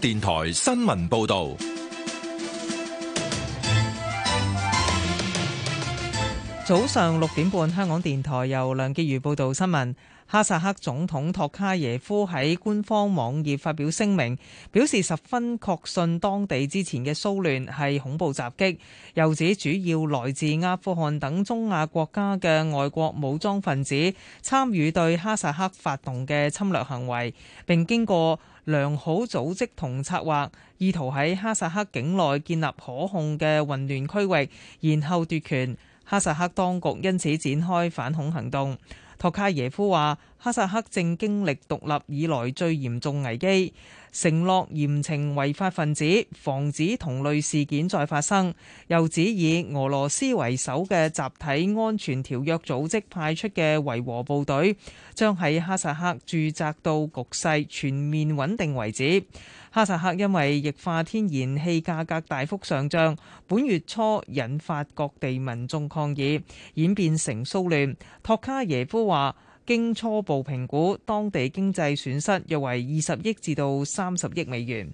電台新聞報道：早上六點半，香港電台由梁潔如報道新聞。哈薩克總統托卡耶夫喺官方網頁發表聲明，表示十分確信當地之前嘅騷亂係恐怖襲擊，又指主要來自阿富汗等中亞國家嘅外國武裝分子參與對哈薩克發動嘅侵略行為，並經過良好組織同策劃，意圖喺哈薩克境內建立可控嘅混亂區域，然後奪權。哈薩克當局因此展開反恐行動。托卡耶夫話。哈薩克正經歷獨立以來最嚴重危機，承諾嚴懲違法分子，防止同類事件再發生。又指以俄羅斯為首嘅集體安全條約組織派出嘅維和部隊將喺哈薩克駐紮到局勢全面穩定為止。哈薩克因為液化天然氣價格大幅上漲，本月初引發各地民眾抗議，演變成騷亂。托卡耶夫話。經初步評估，當地經濟損失約為二十億至到三十億美元。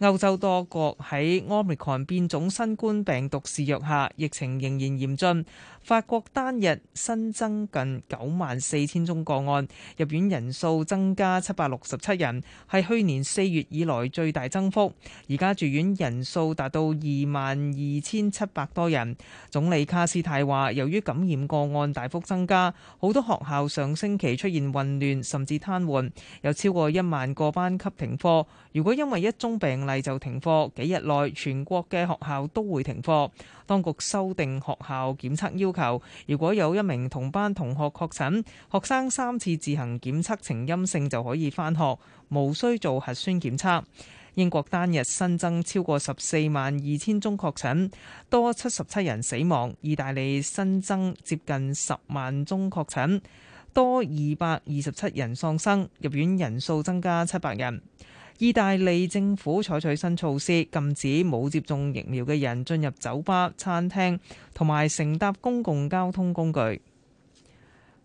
歐洲多國喺 Omicron 變種新冠病毒肆虐下，疫情仍然嚴峻。法國單日新增近九萬四千宗個案，入院人數增加七百六十七人，係去年四月以來最大增幅。而家住院人數達到二萬二千七百多人。總理卡斯泰話：由於感染個案大幅增加，好多學校上星期出現混亂，甚至癱瘓，有超過一萬個班級停課。如果因為一宗病例就停課，幾日內全國嘅學校都會停課。當局修訂學校檢測要要求，如果有一名同班同學確診，學生三次自行檢測呈陰性就可以返學，無需做核酸檢測。英國單日新增超過十四萬二千宗確診，多七十七人死亡；意大利新增接近十萬宗確診，多二百二十七人喪生，入院人數增加七百人。意大利政府採取新措施，禁止冇接種疫苗嘅人進入酒吧、餐廳同埋乘搭公共交通工具。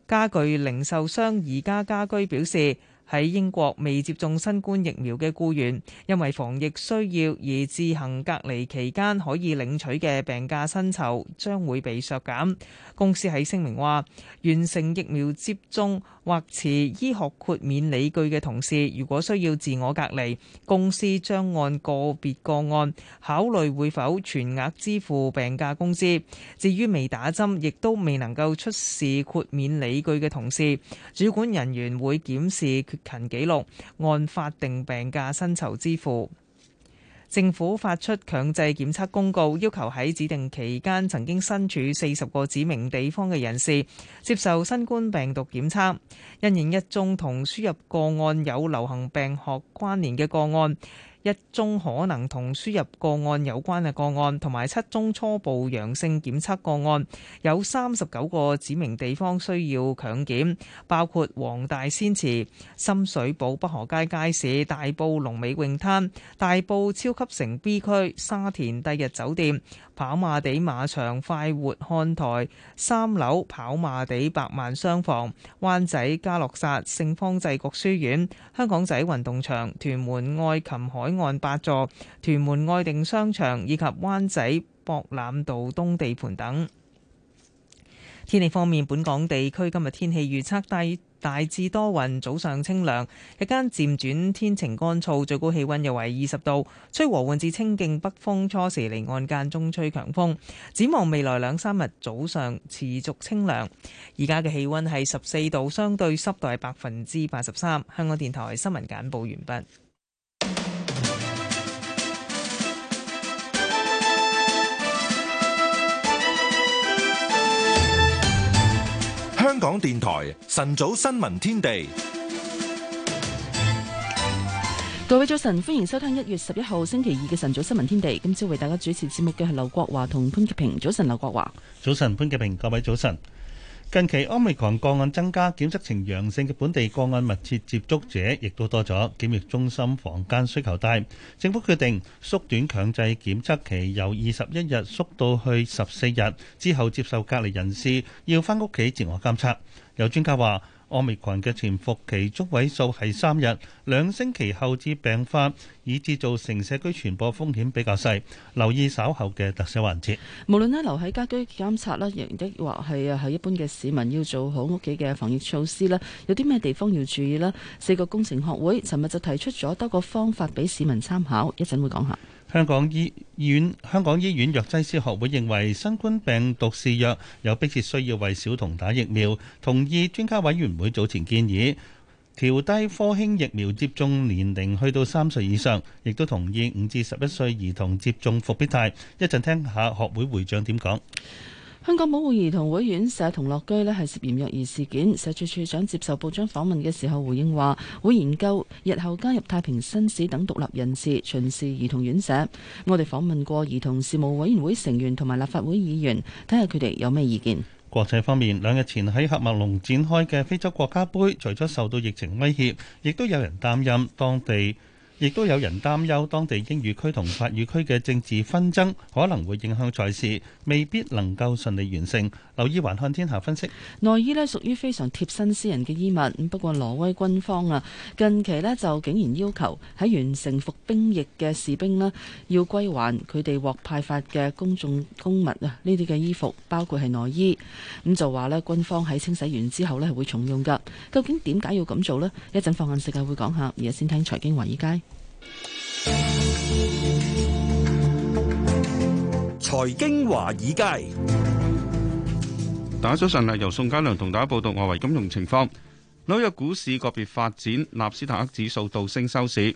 家具零售商宜家家居表示，喺英國未接種新冠疫苗嘅僱員，因為防疫需要而自行隔離期間可以領取嘅病假薪酬將會被削減。公司喺聲明話，完成疫苗接種或持醫學豁免理據嘅同事，如果需要自我隔離，公司將按個別個案考慮會否全額支付病假工資。至於未打針亦都未能夠出示豁免理據嘅同事，主管人員會檢視越勤紀錄按法定病假薪酬支付。政府發出強制檢測公告，要求喺指定期間曾經身處四十個指明地方嘅人士接受新冠病毒檢測。因應一宗同輸入個案有流行病學關聯嘅個案，一宗可能同輸入個案有關嘅個案，同埋七宗初步陽性檢測個案，有三十九個指明地方需要強檢，包括黃大仙祠、深水埗北河街街市、大埔龍尾泳灘、大埔超級城 B 區、沙田帝日酒店。跑馬地馬場快活看台三樓、跑馬地百萬雙房、灣仔嘉諾撒聖方濟各書院、香港仔運動場、屯門愛琴海岸八座、屯門愛定商場，以及灣仔博覽道東地盤等。天氣方面，本港地區今日天，天氣預測低。大致多雲，早上清涼，日間漸轉天晴乾燥，最高氣溫約為二十度，吹和緩至清勁北風，初時離岸間中吹強風。展望未來兩三日早上持續清涼，而家嘅氣溫係十四度，相對濕度係百分之八十三。香港電台新聞簡報完畢。香港電台晨早新聞天地，各位早晨，歡迎收聽一月十一號星期二嘅晨早新聞天地。今朝為大家主持節目嘅係劉國華同潘潔平。早晨，劉國華。早晨，潘潔平。各位早晨。近期 Omicron 個案增加，檢測呈陽性嘅本地個案密切接觸者亦都多咗，檢疫中心房間需求大。政府決定縮短強制檢測期，由二十一日縮到去十四日。之後接受隔離人士要返屋企自我監測。有專家話。Omicron 嘅潛伏期中位數係三日，兩星期後至病發，以至造成社區傳播風險比較細。留意稍後嘅特首環節。無論咧留喺家居監察啦，亦或係啊係一般嘅市民要做好屋企嘅防疫措施啦，有啲咩地方要注意呢？四個工程學會尋日就提出咗多個方法俾市民參考，一陣會講下。香港醫院香港醫院藥劑師學會認為，新冠病毒試藥有迫切需要為小童打疫苗，同意專家委員會早前建議調低科興疫苗接種年齡去到三歲以上，亦都同意五至十一歲兒童接種復必泰。一陣聽下學會會長點講。香港保護兒童會院舍同樂居咧係涉嫌虐兒事件，社署署長接受報章訪問嘅時候回應話，會研究日後加入太平紳士等獨立人士巡視兒童院舍。我哋訪問過兒童事務委員會成員同埋立法會議員，睇下佢哋有咩意見。國際方面，兩日前喺喀麥隆展開嘅非洲國家杯，除咗受到疫情威脅，亦都有人擔任當地。亦都有人擔憂，當地英語區同法語區嘅政治紛爭可能會影響賽事，未必能夠順利完成。留意環看天下分析。內衣咧，屬於非常貼身私人嘅衣物。不過挪威軍方啊，近期咧就竟然要求喺完成服兵役嘅士兵咧要歸還佢哋獲派發嘅公眾公物啊，呢啲嘅衣服包括係內衣，咁就話咧軍方喺清洗完之後咧係會重用噶。究竟點解要咁做呢？一陣放眼世界會講下，而家先聽財經華爾街。財經華爾街，大家早晨，由宋嘉良同大家報道外圍金融情況。紐約股市個別發展，納斯達克指數倒升收市，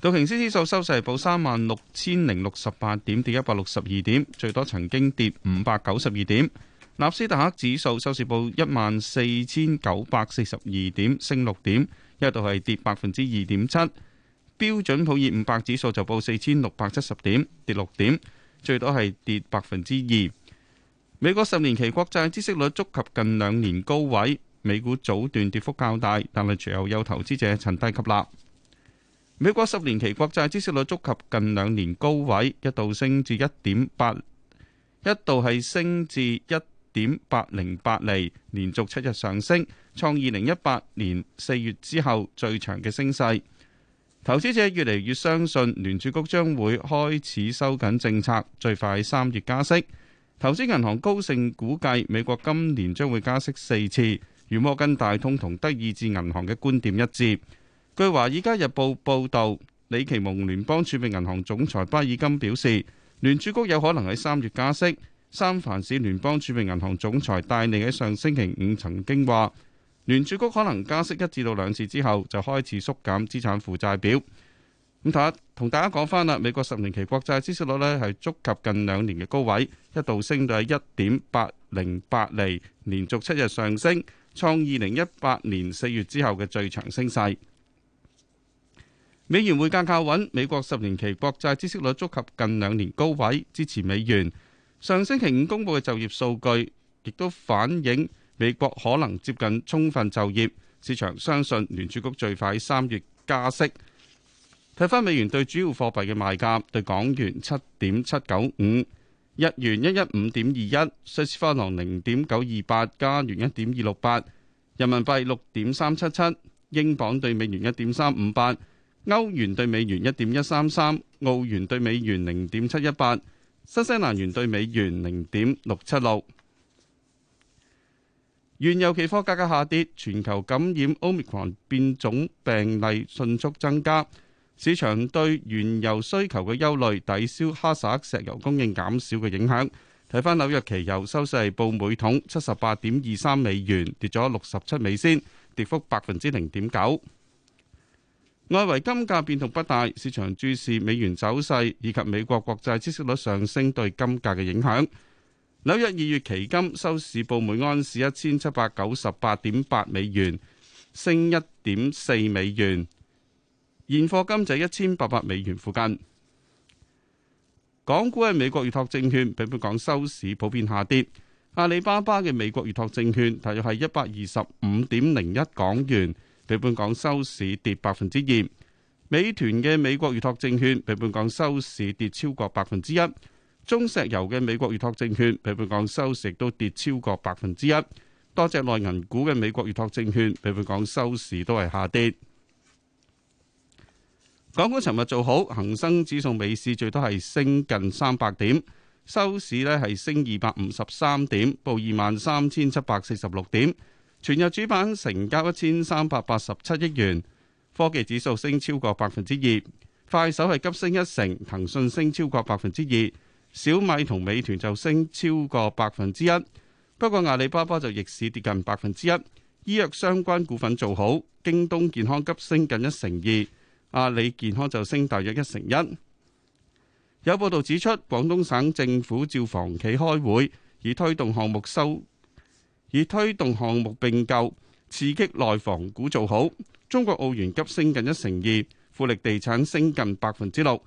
道瓊斯指數收市報三萬六千零六十八點，跌一百六十二點，最多曾經跌五百九十二點。納斯達克指數收市報一萬四千九百四十二點，升六點，一度係跌百分之二點七。標準普爾五百指數就報四千六百七十點，跌六點，最多係跌百分之二。美國十年期國債孳息率觸及近兩年高位，美股早段跌幅較大，但係隨後有投資者趁低吸納。美國十年期國債孳息率觸及近兩年高位，一度升至一點八，一度係升至一點八零八厘，連續七日上升，創二零一八年四月之後最長嘅升勢。投資者越嚟越相信聯儲局將會開始收緊政策，最快三月加息。投資銀行高盛估計美國今年將會加息四次，與摩根大通同德意志銀行嘅觀點一致。據《華爾街日報》報導，李奇蒙聯邦儲備銀行總裁巴爾金表示，聯儲局有可能喺三月加息。三藩市聯邦儲備銀行總裁戴利喺上星期五曾經話。聯儲局可能加息一至到兩次之後，就開始縮減資產負債表。咁睇，同大家講翻啦，美國十年期國債孳息率咧係觸及近兩年嘅高位，一度升到係一點八零八釐，連續七日上升，創二零一八年四月之後嘅最長升勢。美元匯價靠穩，美國十年期國債孳息率觸及近兩年高位，支持美元。上星期五公布嘅就業數據亦都反映。美國可能接近充分就業，市場相信聯儲局最快三月加息。睇翻美元對主要貨幣嘅賣價：對港元七點七九五，日元一一五點二一，瑞士法郎零點九二八，加元一點二六八，人民幣六點三七七，英鎊對美元一點三五八，歐元對美元一點一三三，澳元對美元零點七一八，新西蘭元對美元零點六七六。原油期貨價格下跌，全球感染 Omicron 變種病例迅速增加，市場對原油需求嘅憂慮抵消哈薩克石油供應減少嘅影響。睇返紐約期油收市報每桶七十八點二三美元，跌咗六十七美仙，跌幅百分之零點九。外圍金價變動不大，市場注視美元走勢以及美國國債孳息率上升對金價嘅影響。紐約二月期金收市報每安士一千七百九十八點八美元，升一點四美元。現貨金就一千八百美元附近。港股嘅美國預託證券，比本港收市普遍下跌。阿里巴巴嘅美國預託證券大約係一百二十五點零一港元，比本港收市跌百分之二。美團嘅美國預託證券比本港收市跌超過百分之一。中石油嘅美國預託證券，譬如講收市都跌超過百分之一。多隻內銀股嘅美國預託證券，譬如講收市都係下跌。港股尋日做好，恒生指數尾市最多係升近三百點，收市呢係升二百五十三點，報二萬三千七百四十六點。全日主板成交一千三百八十七億元，科技指數升超過百分之二，快手係急升一成，騰訊升超過百分之二。小米同美團就升超過百分之一，不過阿里巴巴就逆市跌近百分之一。醫藥相關股份做好，京東健康急升近一成二，阿里健康就升大約一成一。有報道指出，廣東省政府召房企開會，以推動項目收，以推動項目併購，刺激內房股做好。中國奧園急升近一成二，富力地產升近百分之六。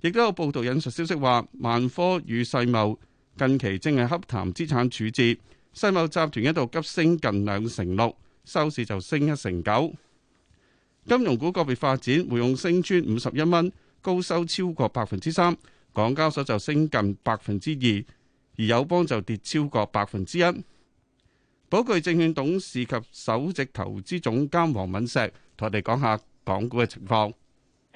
亦都有報道引述消息話，萬科與世茂近期正係洽談資產處置。世茂集團一度急升近兩成六，收市就升一成九。金融股個別發展，匯控升穿五十一蚊，高收超過百分之三；港交所就升近百分之二，而友邦就跌超過百分之一。寶鉅證券董事及首席投資總監黃敏石同我哋講下港股嘅情況。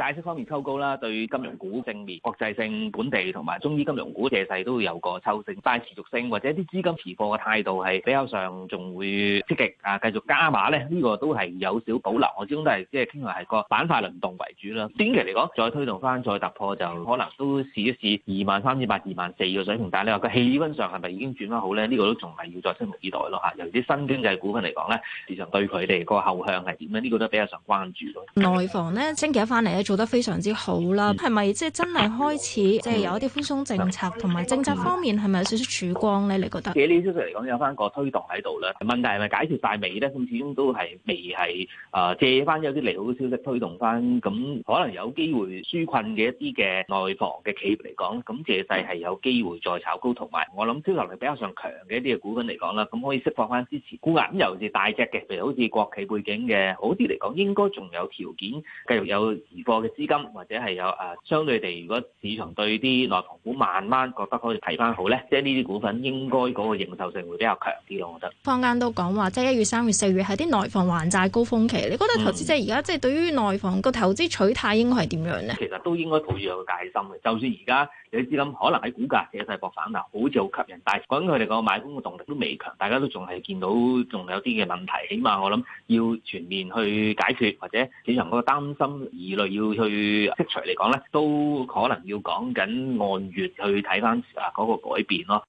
解釋方面抽高啦，對金融股正面、國際性、本地同埋中醫金融股嘅勢都有個抽升，但持續性或者啲資金持貨嘅態度係比較上仲會積極啊，繼續加碼咧，呢個都係有少保留。我始終都係即係傾向係個板塊輪動為主啦。短期嚟講，再推動翻、再突破就可能都試一試二萬三千八、二萬四個水平。但係你話個氣温上係咪已經轉翻好咧？呢個都仲係要再拭目以待咯，尤其啲新經濟股份嚟講咧，市場對佢哋個後向係點咧？呢個都比較上關注咯。內房咧，星期一翻嚟做得非常之好啦，咁係咪即係真係開始即係有一啲寬鬆政策，同埋政策方面係咪有少少曙光咧？你覺得？呢啲消息嚟講有翻個推動喺度啦，問題係咪解決晒未咧？咁始終都係未係啊、呃、借翻有啲利好嘅消息推動翻，咁可能有機會紓困嘅一啲嘅內房嘅企業嚟講，咁借勢係有機會再炒高，同埋我諗銷售力比較上強嘅一啲嘅股份嚟講啦，咁可以釋放翻支持股壓。咁尤其是大隻嘅，譬如好似國企背景嘅好啲嚟講，應該仲有條件繼續有個資金或者係有誒、啊，相對地，如果市場對啲內房股慢慢覺得可以睇翻好咧，即係呢啲股份應該嗰個認受性會比較強啲咯，我覺得。坊間都講話，即係一月、三月、四月係啲內房還債高峰期，你覺得投資者而家、嗯、即係對於內房個投資取態應該係點樣咧？其實都應該抱住有個戒心嘅，就算而家。你知諗，可能喺股價嘅細波反彈，好似好吸引，但係講緊佢哋個買盤嘅動力都未強，大家都仲係見到仲有啲嘅問題。起碼我諗要全面去解決，或者市場嗰個擔心疑慮要去剔除嚟講咧，都可能要講緊按月去睇翻啊嗰個改變咯。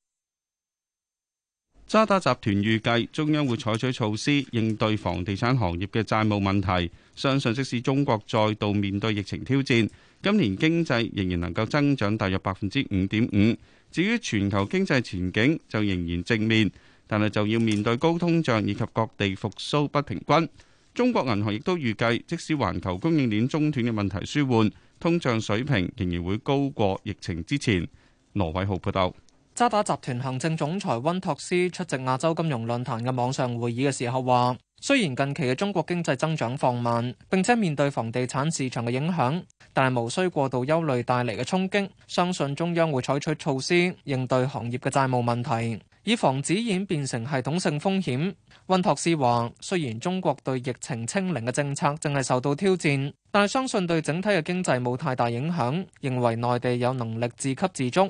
渣打集團預計中央會採取措施應對房地產行業嘅債務問題，相信即使中國再度面對疫情挑戰。今年經濟仍然能夠增長大約百分之五點五。至於全球經濟前景就仍然正面，但係就要面對高通脹以及各地復甦不平均。中國銀行亦都預計，即使環球供應鏈中斷嘅問題舒緩，通脹水平仍然會高過疫情之前。羅偉浩報道。渣打集團行政總裁温托斯出席亞洲金融論壇嘅網上會議嘅時候話：雖然近期嘅中國經濟增長放慢，並且面對房地產市場嘅影響，但係無需過度憂慮帶嚟嘅衝擊。相信中央會採取措施應對行業嘅債務問題，以防止演變成系統性風險。温托斯話：雖然中國對疫情清零嘅政策正係受到挑戰，但係相信對整體嘅經濟冇太大影響，認為內地有能力自給自足。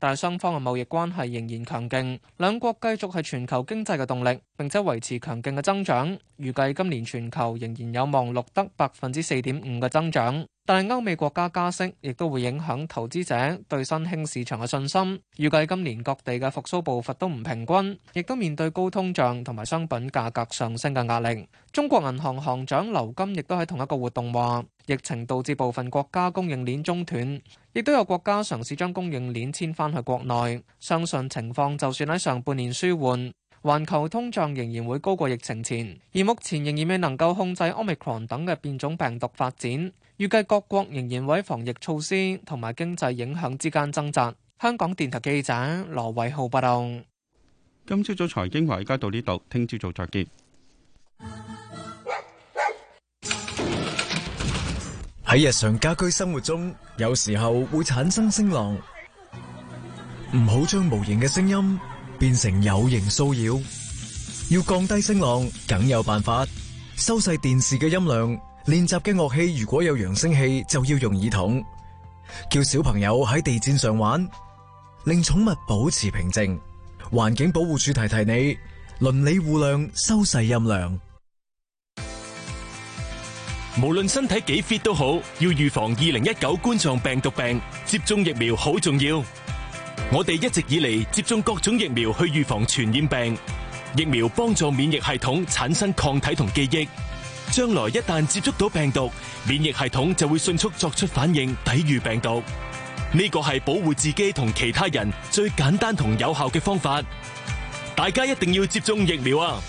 但係雙方嘅貿易關係仍然強勁，兩國繼續係全球經濟嘅動力，並且維持強勁嘅增長。預計今年全球仍然有望錄得百分之四點五嘅增長。但係歐美國家加息，亦都會影響投資者對新興市場嘅信心。預計今年各地嘅復甦步伐都唔平均，亦都面對高通脹同埋商品價格上升嘅壓力。中國銀行行長劉金亦都喺同一個活動話。疫情導致部分國家供應鏈中斷，亦都有國家嘗試將供應鏈遷翻去國內。相信情況就算喺上半年舒緩，環球通脹仍然會高過疫情前，而目前仍然未能夠控制 Omicron 等嘅變種病毒發展。預計各國仍然會喺防疫措施同埋經濟影響之間掙扎。香港電台記者羅偉浩報道。今朝早財經華爾街到呢度，聽朝早再見。喺日常家居生活中，有時候會產生聲浪，唔好將無形嘅聲音變成有形騷擾。要降低聲浪，梗有辦法。收細電視嘅音量，練習嘅樂器如果有揚聲器，就要用耳筒。叫小朋友喺地氈上玩，令寵物保持平靜。環境保護處提提你，鄰里互諒，收細音量。無論身體幾 fit 都好，要預防二零一九冠狀病毒病，接種疫苗好重要。我哋一直以嚟，接種各種疫苗去預防傳染病，疫苗幫助免疫系統產生抗體同記憶，將來一旦接觸到病毒，免疫系統就會迅速作出反應抵禦病毒。呢個係保護自己同其他人最簡單同有效嘅方法，大家一定要接種疫苗啊！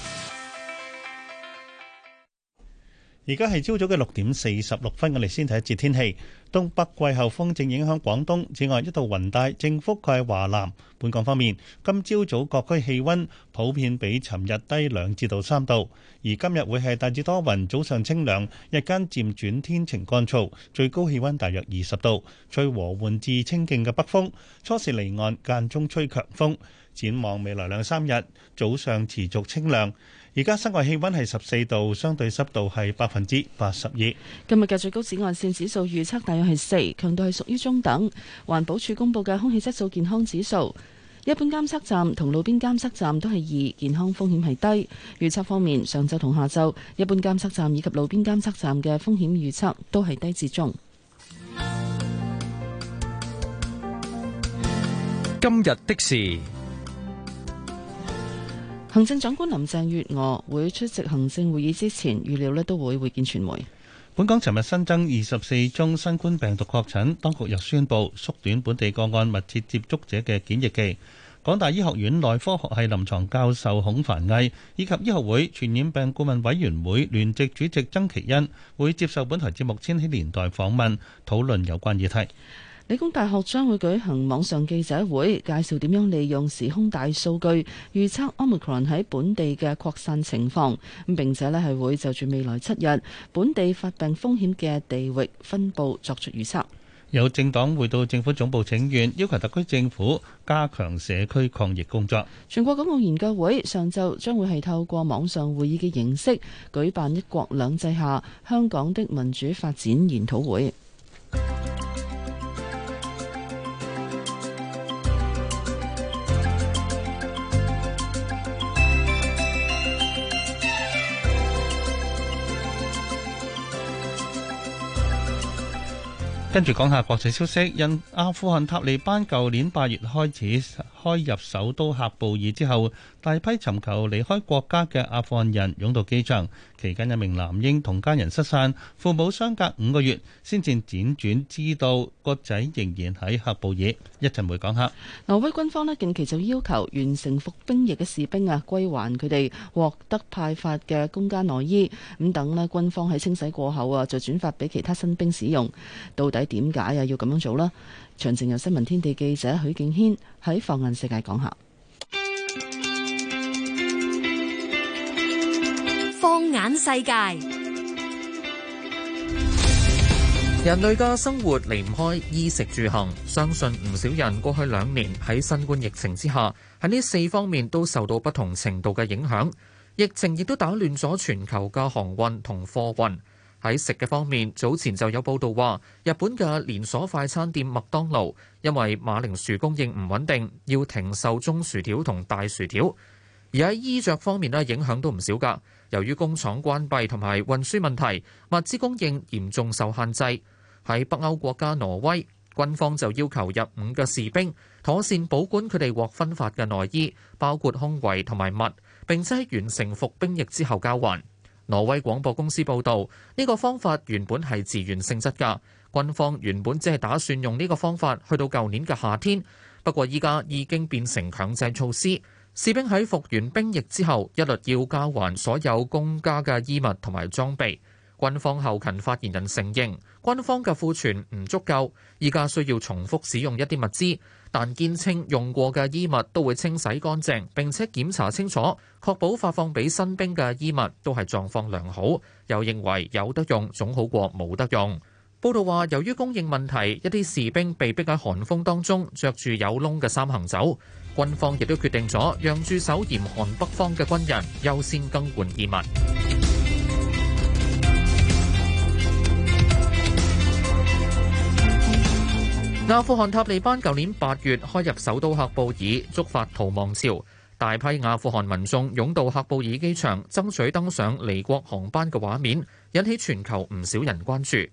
而家係朝早嘅六點四十六分，我哋先睇一節天氣。東北季候風正影響廣東，此外一道雲帶正覆蓋華南。本港方面，今朝早各區氣温普遍比尋日低兩至到三度，而今日會係大致多雲，早上清涼，日間漸轉天晴乾燥，最高氣温大約二十度，吹和緩至清勁嘅北風，初時離岸間中吹強風。展望未來兩三日，早上持續清涼。而家室外氣溫係十四度，相對濕度係百分之八十二。今日嘅最高紫外線指數預測大約係四，強度係屬於中等。環保署公布嘅空氣質素健康指數，一般監測站同路邊監測站都係二，健康風險係低。預測方面，上晝同下晝，一般監測站以及路邊監測站嘅風險預測都係低至中。今日的事。行政長官林鄭月娥會出席行政會議之前，預料呢都會會見傳媒。本港尋日新增二十四宗新冠病毒確診，當局又宣布縮短本地個案密切接觸者嘅檢疫期。港大醫學院內科學系臨床教授孔繁毅以及醫學會傳染病顧問委員會聯席主席曾其恩會接受本台節目《千禧年代》訪問，討論有關議題。理工大學將會舉行網上記者會，介紹點樣利用時空大數據預測 Omicron 喺本地嘅擴散情況，咁並且咧係會就住未來七日本地發病風險嘅地域分佈作出預測。有政黨會到政府總部請願，要求特區政府加強社區抗疫工作。全國港澳研究會上晝將會係透過網上會議嘅形式舉辦一國兩制下香港的民主發展研討會。跟住講下國際消息，因阿富汗塔利班舊年八月開始開入首都喀布爾之後。大批尋求離開國家嘅阿富汗人湧到機場期間，一名男嬰同家人失散，父母相隔五個月先至輾轉知道個仔仍然喺喀布爾。會一陣會講下。挪威軍方近期就要求完成服兵役嘅士兵啊，歸還佢哋獲得派發嘅公家內衣咁等咧。軍方喺清洗過後啊，就轉發俾其他新兵使用。到底點解啊要咁樣做呢？詳情由新聞天地記者許敬軒喺放眼世界講下。放眼世界，人類嘅生活離唔開衣食住行。相信唔少人過去兩年喺新冠疫情之下，喺呢四方面都受到不同程度嘅影響。疫情亦都打亂咗全球嘅航運同貨運。喺食嘅方面，早前就有報道話，日本嘅連鎖快餐店麥當勞因為馬鈴薯供應唔穩定，要停售中薯條同大薯條。而喺衣着方面呢，影響都唔少㗎。由於工廠關閉同埋運輸問題，物資供應嚴重受限制。喺北歐國家挪威，軍方就要求入伍嘅士兵妥善保管佢哋獲分發嘅內衣，包括胸圍同埋襪，並且在完成服兵役之後交還。挪威廣播公司報道，呢個方法原本係自願性質㗎，軍方原本只係打算用呢個方法去到舊年嘅夏天，不過依家已經變成強制措施。士兵喺服完兵役之後，一律要交還所有公家嘅衣物同埋裝備。軍方後勤發言人承認，軍方嘅庫存唔足夠，依家需要重複使用一啲物資。但堅稱用過嘅衣物都會清洗乾淨，並且檢查清楚，確保發放俾新兵嘅衣物都係狀況良好。又認為有得用總好過冇得用。報道話，由於供應問題，一啲士兵被逼喺寒風當中着住有窿嘅衫行走。軍方亦都決定咗，讓駐守嚴寒北方嘅軍人優先更換衣物。阿富汗塔利班舊年八月開入首都喀布爾，觸發逃亡潮，大批阿富汗民眾湧到喀布爾機場爭取登上離國航班嘅畫面，引起全球唔少人關注。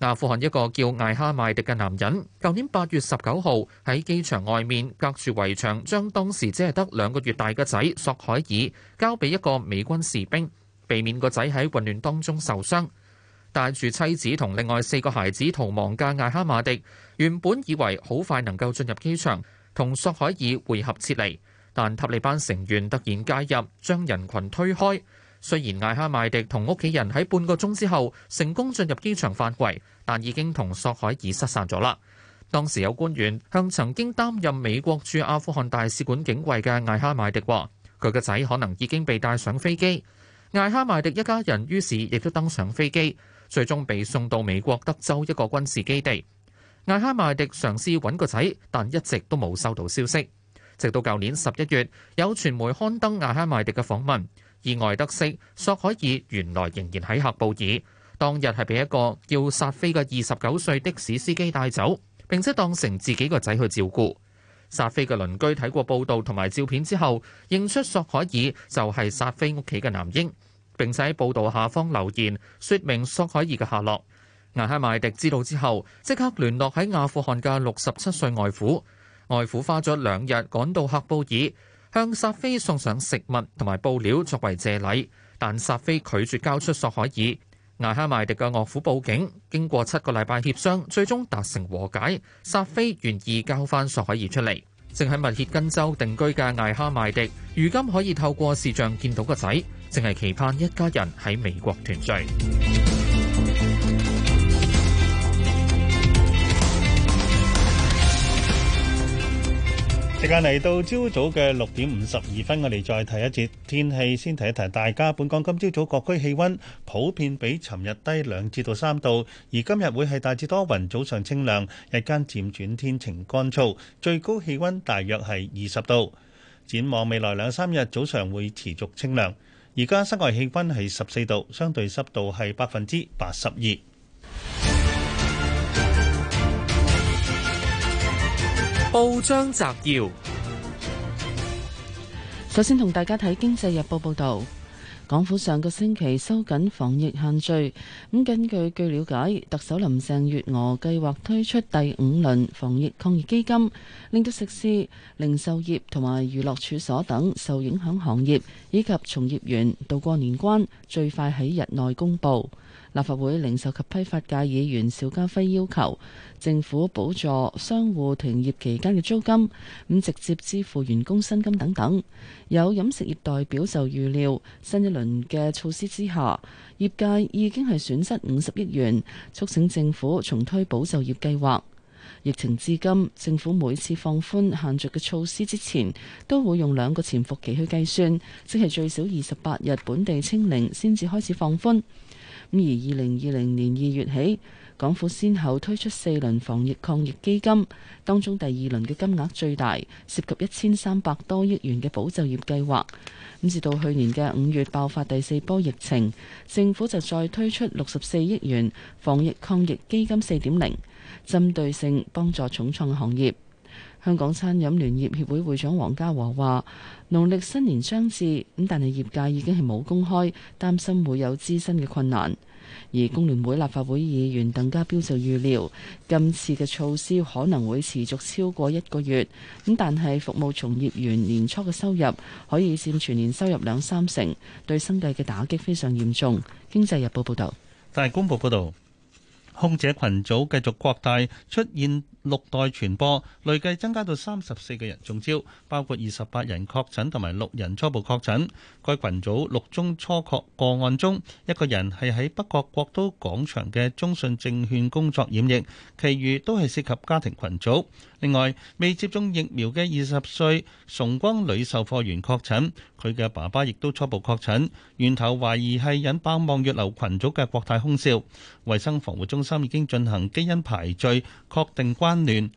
阿富汗一個叫艾哈邁迪嘅男人，舊年八月十九號喺機場外面隔住圍牆，將當時只係得兩個月大嘅仔索海爾交俾一個美軍士兵，避免個仔喺混亂當中受傷。帶住妻子同另外四個孩子逃亡嘅艾哈邁迪，原本以為好快能夠進入機場同索海爾會合撤離，但塔利班成員突然介入，將人群推開。雖然艾哈邁迪同屋企人喺半個鐘之後成功進入機場範圍，但已經同索海爾失散咗啦。當時有官員向曾經擔任美國駐阿富汗大使館警衛嘅艾哈邁迪話：佢個仔可能已經被帶上飛機。艾哈邁迪一家人於是亦都登上飛機，最終被送到美國德州一個軍事基地。艾哈邁迪嘗試揾個仔，但一直都冇收到消息。直到舊年十一月，有傳媒刊登艾哈邁迪嘅訪問。意外得悉，索海爾原來仍然喺喀布爾。當日係被一個叫薩菲嘅二十九歲的的士司機帶走，並且當成自己個仔去照顧。薩菲嘅鄰居睇過報道同埋照片之後，認出索海爾就係薩菲屋企嘅男嬰，並且喺報道下方留言，說明索海爾嘅下落。艾克馬迪知道之後，即刻聯絡喺阿富汗嘅六十七歲外父，外父花咗兩日趕到喀布爾。向薩菲送上食物同埋布料作為謝禮，但薩菲拒絕交出索海爾。艾哈邁迪嘅岳父報警，經過七個禮拜協商，最終達成和解，薩菲願意交翻索海爾出嚟。正喺密歇根州定居嘅艾哈邁迪，如今可以透過視像見到個仔，淨係期盼一家人喺美國團聚。時間嚟到朝早嘅六點五十二分，我哋再睇一節天氣，先提一提大家。本港今朝早各區氣溫普遍比尋日低兩至到三度，而今日會係大致多雲，早上清涼，日間漸轉天晴乾燥，最高氣溫大約係二十度。展望未來兩三日，早上會持續清涼。而家室外氣溫係十四度，相對濕度係百分之八十二。報章摘要，首先同大家睇《經濟日報》報道，港府上個星期收緊防疫限聚咁。根據據了解，特首林鄭月娥計劃推出第五輪防疫抗疫基金，令到食肆、零售業同埋娛樂處所等受影響行業以及從業員渡過年關，最快喺日內公布。立法會零售及批發界議員邵家輝要求政府補助商戶停業期間嘅租金，咁直接支付員工薪金等等。有飲食業代表就預料，新一輪嘅措施之下，業界已經係損失五十億元，促請政府重推保就業計劃。疫情至今，政府每次放寬限聚嘅措施之前，都會用兩個潛伏期去計算，即係最少二十八日本地清零先至開始放寬。咁而二零二零年二月起，港府先後推出四輪防疫抗疫基金，當中第二輪嘅金額最大，涉及一千三百多億元嘅保就業計劃，咁至到去年嘅五月爆發第四波疫情，政府就再推出六十四億元防疫抗疫基金四點零，針對性幫助重創行業。香港餐飲聯業協會會長黃家和話：農曆新年將至，咁但係業界已經係冇工開，擔心會有資薪嘅困難。而工聯會立法會議員鄧家彪就預料，今次嘅措施可能會持續超過一個月，咁但係服務從業員年初嘅收入可以佔全年收入兩三成，對生計嘅打擊非常嚴重。經濟日報報道。大公報報道。空姐群組繼續擴大，出現六代傳播，累計增加到三十四個人中招，包括二十八人確診同埋六人初步確診。該群組六宗初確個案中，一個人係喺北角國都廣場嘅中信證券工作染疫，其餘都係涉及家庭群組。另外，未接種疫苗嘅二十歲崇光女售貨員確診。佢嘅爸爸亦都初步確診，源頭懷疑係引爆望月樓群組嘅國泰空少。衞生防護中心已經進行基因排序，確定關聯。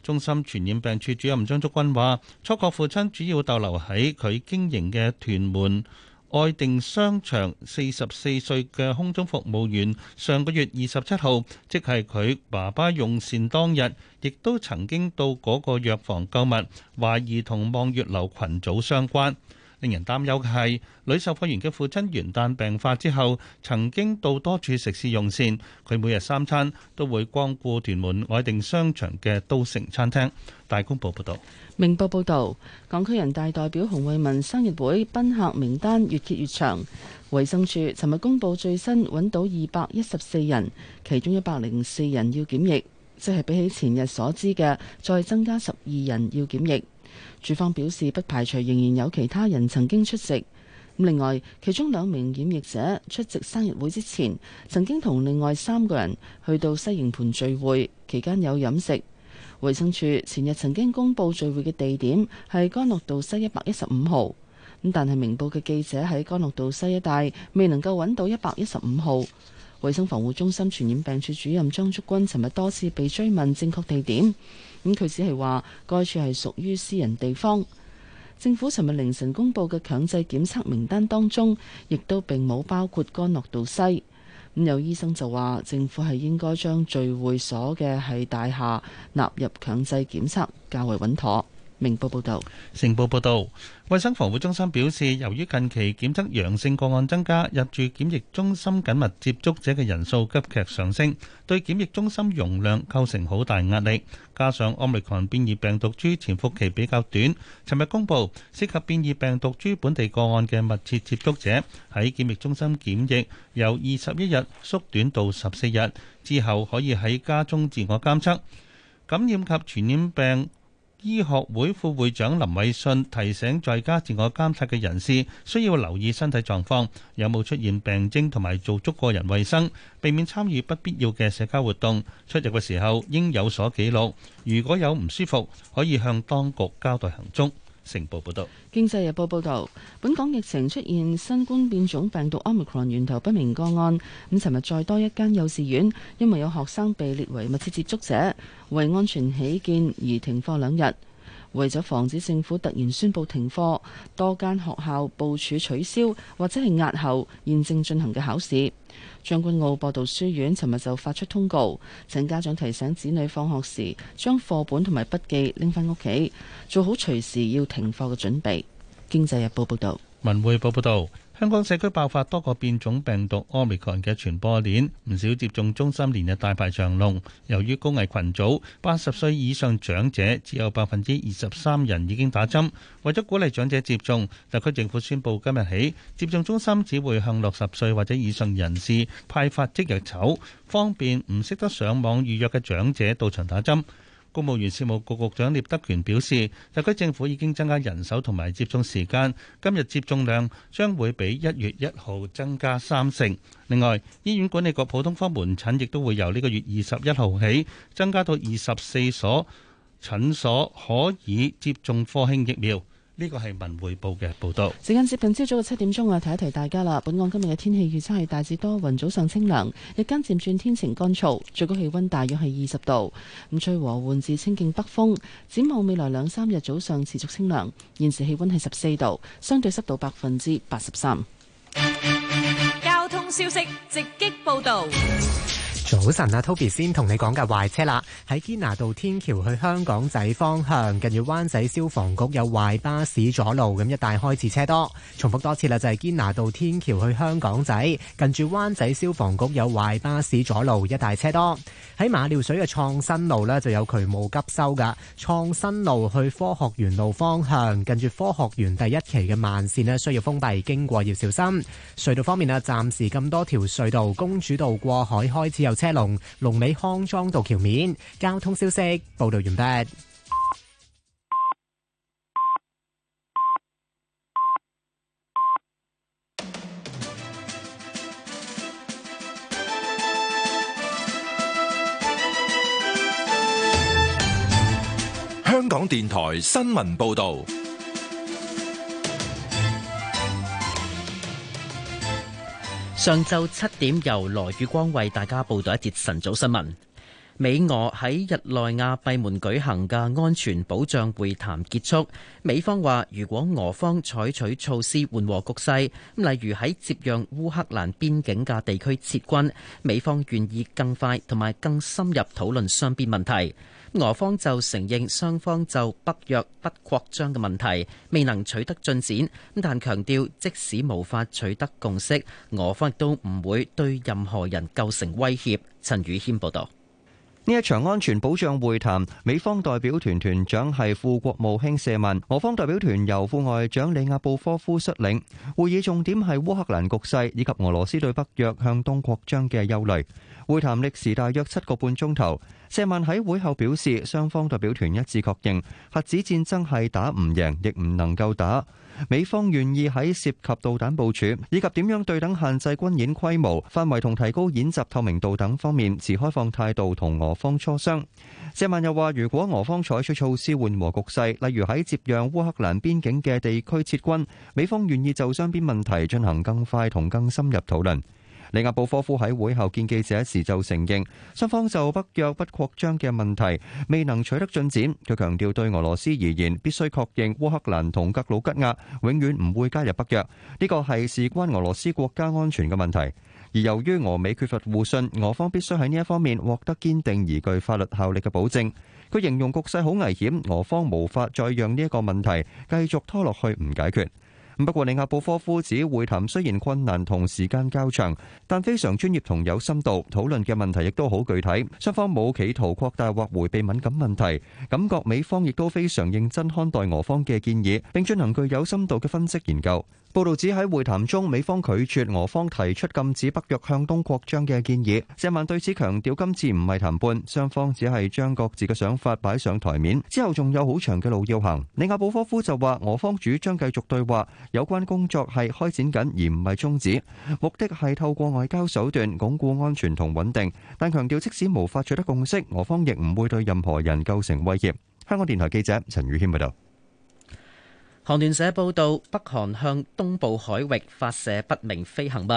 中心傳染病處主任張竹君話，初確父親主要逗留喺佢經營嘅屯門愛定商場。四十四歲嘅空中服務員，上個月二十七號，即係佢爸爸用膳當日，亦都曾經到嗰個藥房購物，懷疑同望月樓群組相關。令人擔憂嘅係，女售貨員嘅父親元旦病發之後，曾經到多處食肆用膳。佢每日三餐都會光顧屯門愛定商場嘅都城餐廳。大公報報道：「明報報道，港區人大代表洪為民生日會賓客名單越揭越長。衞生署尋日公布最新揾到二百一十四人，其中一百零四人要檢疫，即係比起前日所知嘅再增加十二人要檢疫。住方表示不排除仍然有其他人曾經出席。另外，其中兩名染疫者出席生日會之前，曾經同另外三個人去到西營盤聚會，期間有飲食。衛生署前日曾經公布聚會嘅地點係干諾道西一百一十五號，咁但係明報嘅記者喺干諾道西一帶未能夠揾到一百一十五號。衛生防護中心傳染病處主任張竹君尋日多次被追問正確地點。咁佢只係話該處係屬於私人地方。政府尋日凌晨公佈嘅強制檢測名單當中，亦都並冇包括干諾道西。咁有醫生就話，政府係應該將聚會所嘅喺大廈納入強制檢測，較為穩妥。明報報道，城報報道，衛生防護中心表示，由於近期檢測陽性個案增加，入住檢疫中心緊密接觸者嘅人數急劇上升，對檢疫中心容量構成好大壓力。加上 Omicron 變異病毒株潛伏期比較短，尋日公佈，涉及變異病毒株本地個案嘅密切接觸者喺檢疫中心檢疫由二十一日縮短到十四日，之後可以喺家中自我監測感染及傳染病。醫學會副會長林偉信提醒在家自我監察嘅人士，需要留意身體狀況，有冇出現病徵，同埋做足個人衛生，避免參與不必要嘅社交活動。出入嘅時候應有所記錄，如果有唔舒服，可以向當局交代行蹤。成報報導，《經濟日報》報導，本港疫情出現新冠變種病毒 Omicron 源頭不明個案。咁，尋日再多一間幼稚園因為有學生被列為密切接觸者，為安全起見而停課兩日。為咗防止政府突然宣布停課，多間學校部署取消或者係押後現正進行嘅考試。將軍澳播道書院尋日就發出通告，請家長提醒子女放學時將課本同埋筆記拎返屋企，做好隨時要停課嘅準備。經濟日報報道，文匯報報道。香港社區爆發多個變種病毒 Omicron 嘅傳播鏈，唔少接種中心連日大排長龍。由於高危群組八十歲以上長者只有百分之二十三人已經打針，為咗鼓勵長者接種，特區政府宣布今日起，接種中心只會向六十歲或者以上人士派發即日籌，方便唔識得上網預約嘅長者到場打針。公務員事務局局長聶德權表示，特區政府已經增加人手同埋接種時間，今日接種量將會比一月一號增加三成。另外，醫院管理局普通科門診亦都會由呢個月二十一號起，增加到二十四所診所可以接種科興疫苗。呢、這個係文匯報嘅報導。時間接近朝早嘅七點鐘，我提一提大家啦。本港今日嘅天氣預測係大致多雲，早上清涼，日間漸轉天晴乾燥，最高氣溫大約係二十度。咁吹和緩至清勁北風。展望未來兩三日早上持續清涼。現時氣溫係十四度，相對濕度百分之八十三。交通消息直擊報導。早晨啊，Toby 先同你講嘅壞車啦，喺堅拿道天橋去香港仔方向，近住灣仔消防局有壞巴士阻路，咁一帶開始車多。重複多次啦，就係、是、堅拿道天橋去香港仔，近住灣仔消防局有壞巴士阻路，一帶車多。喺馬料水嘅創新路呢，就有渠務急修噶，創新路去科學園路方向，近住科學園第一期嘅慢線呢，需要封閉，經過要小心。隧道方面呢，暫時咁多條隧道，公主道過海開始有。車龍，龍尾康莊道橋面。交通消息報道完畢。香港電台新聞報道。上晝七點，由羅宇光為大家報道一節晨早新聞。美俄喺日內亞閉門舉行嘅安全保障會談結束，美方話如果俄方採取措施緩和局勢，例如喺接壤烏克蘭邊境嘅地區撤軍，美方願意更快同埋更深入討論雙邊問題。俄方就承認雙方就北約不擴張嘅問題,未能取得進展,但強調即使無法取得共識,俄方亦都唔會對任何人構成威脅,陳宇軒報導。呢一場安全保障會談，美方代表團團長係副國務卿謝曼，俄方代表團由副外長里亞布科夫率領。會議重點係烏克蘭局勢，以及俄羅斯對北約向東擴張嘅憂慮。會談歷時大約七個半鐘頭。謝曼喺會後表示，雙方代表團一致確認，核子戰爭係打唔贏，亦唔能夠打。美方願意喺涉及導彈部署以及點樣對等限制軍演規模範圍同提高演習透明度等方面持開放態度同俄方磋商。謝曼又話，如果俄方採取措施緩和局勢，例如喺接壤烏克蘭邊境嘅地區撤軍，美方願意就雙邊問題進行更快同更深入討論。里亞布科夫喺會後見記者時就承認，雙方就北約不擴張嘅問題未能取得進展。佢強調對俄羅斯而言，必須確認烏克蘭同格魯吉亞永遠唔會加入北約，呢個係事關俄羅斯國家安全嘅問題。而由於俄美缺乏互信，俄方必須喺呢一方面獲得堅定而具法律效力嘅保證。佢形容局勢好危險，俄方無法再讓呢一個問題繼續拖落去唔解決。不過，里亞布科夫指會談雖然困難同時間較長，但非常專業同有深度，討論嘅問題亦都好具體，雙方冇企圖擴大或回避敏感問題。感覺美方亦都非常認真看待俄方嘅建議，並進行具有深度嘅分析研究。報道指喺會談中，美方拒絕俄方提出禁止北約向東擴張嘅建議。謝曼對此強調，今次唔係談判，雙方只係將各自嘅想法擺上台面，之後仲有好長嘅路要行。尼亞卜科夫就話，俄方主張繼續對話，有關工作係開展緊而唔係終止，目的係透過外交手段鞏固安全同穩定。但強調，即使無法取得共識，俄方亦唔會對任何人構成威脅。香港電台記者陳宇謙報道。韓聯社報道，北韓向東部海域發射不明飛行物。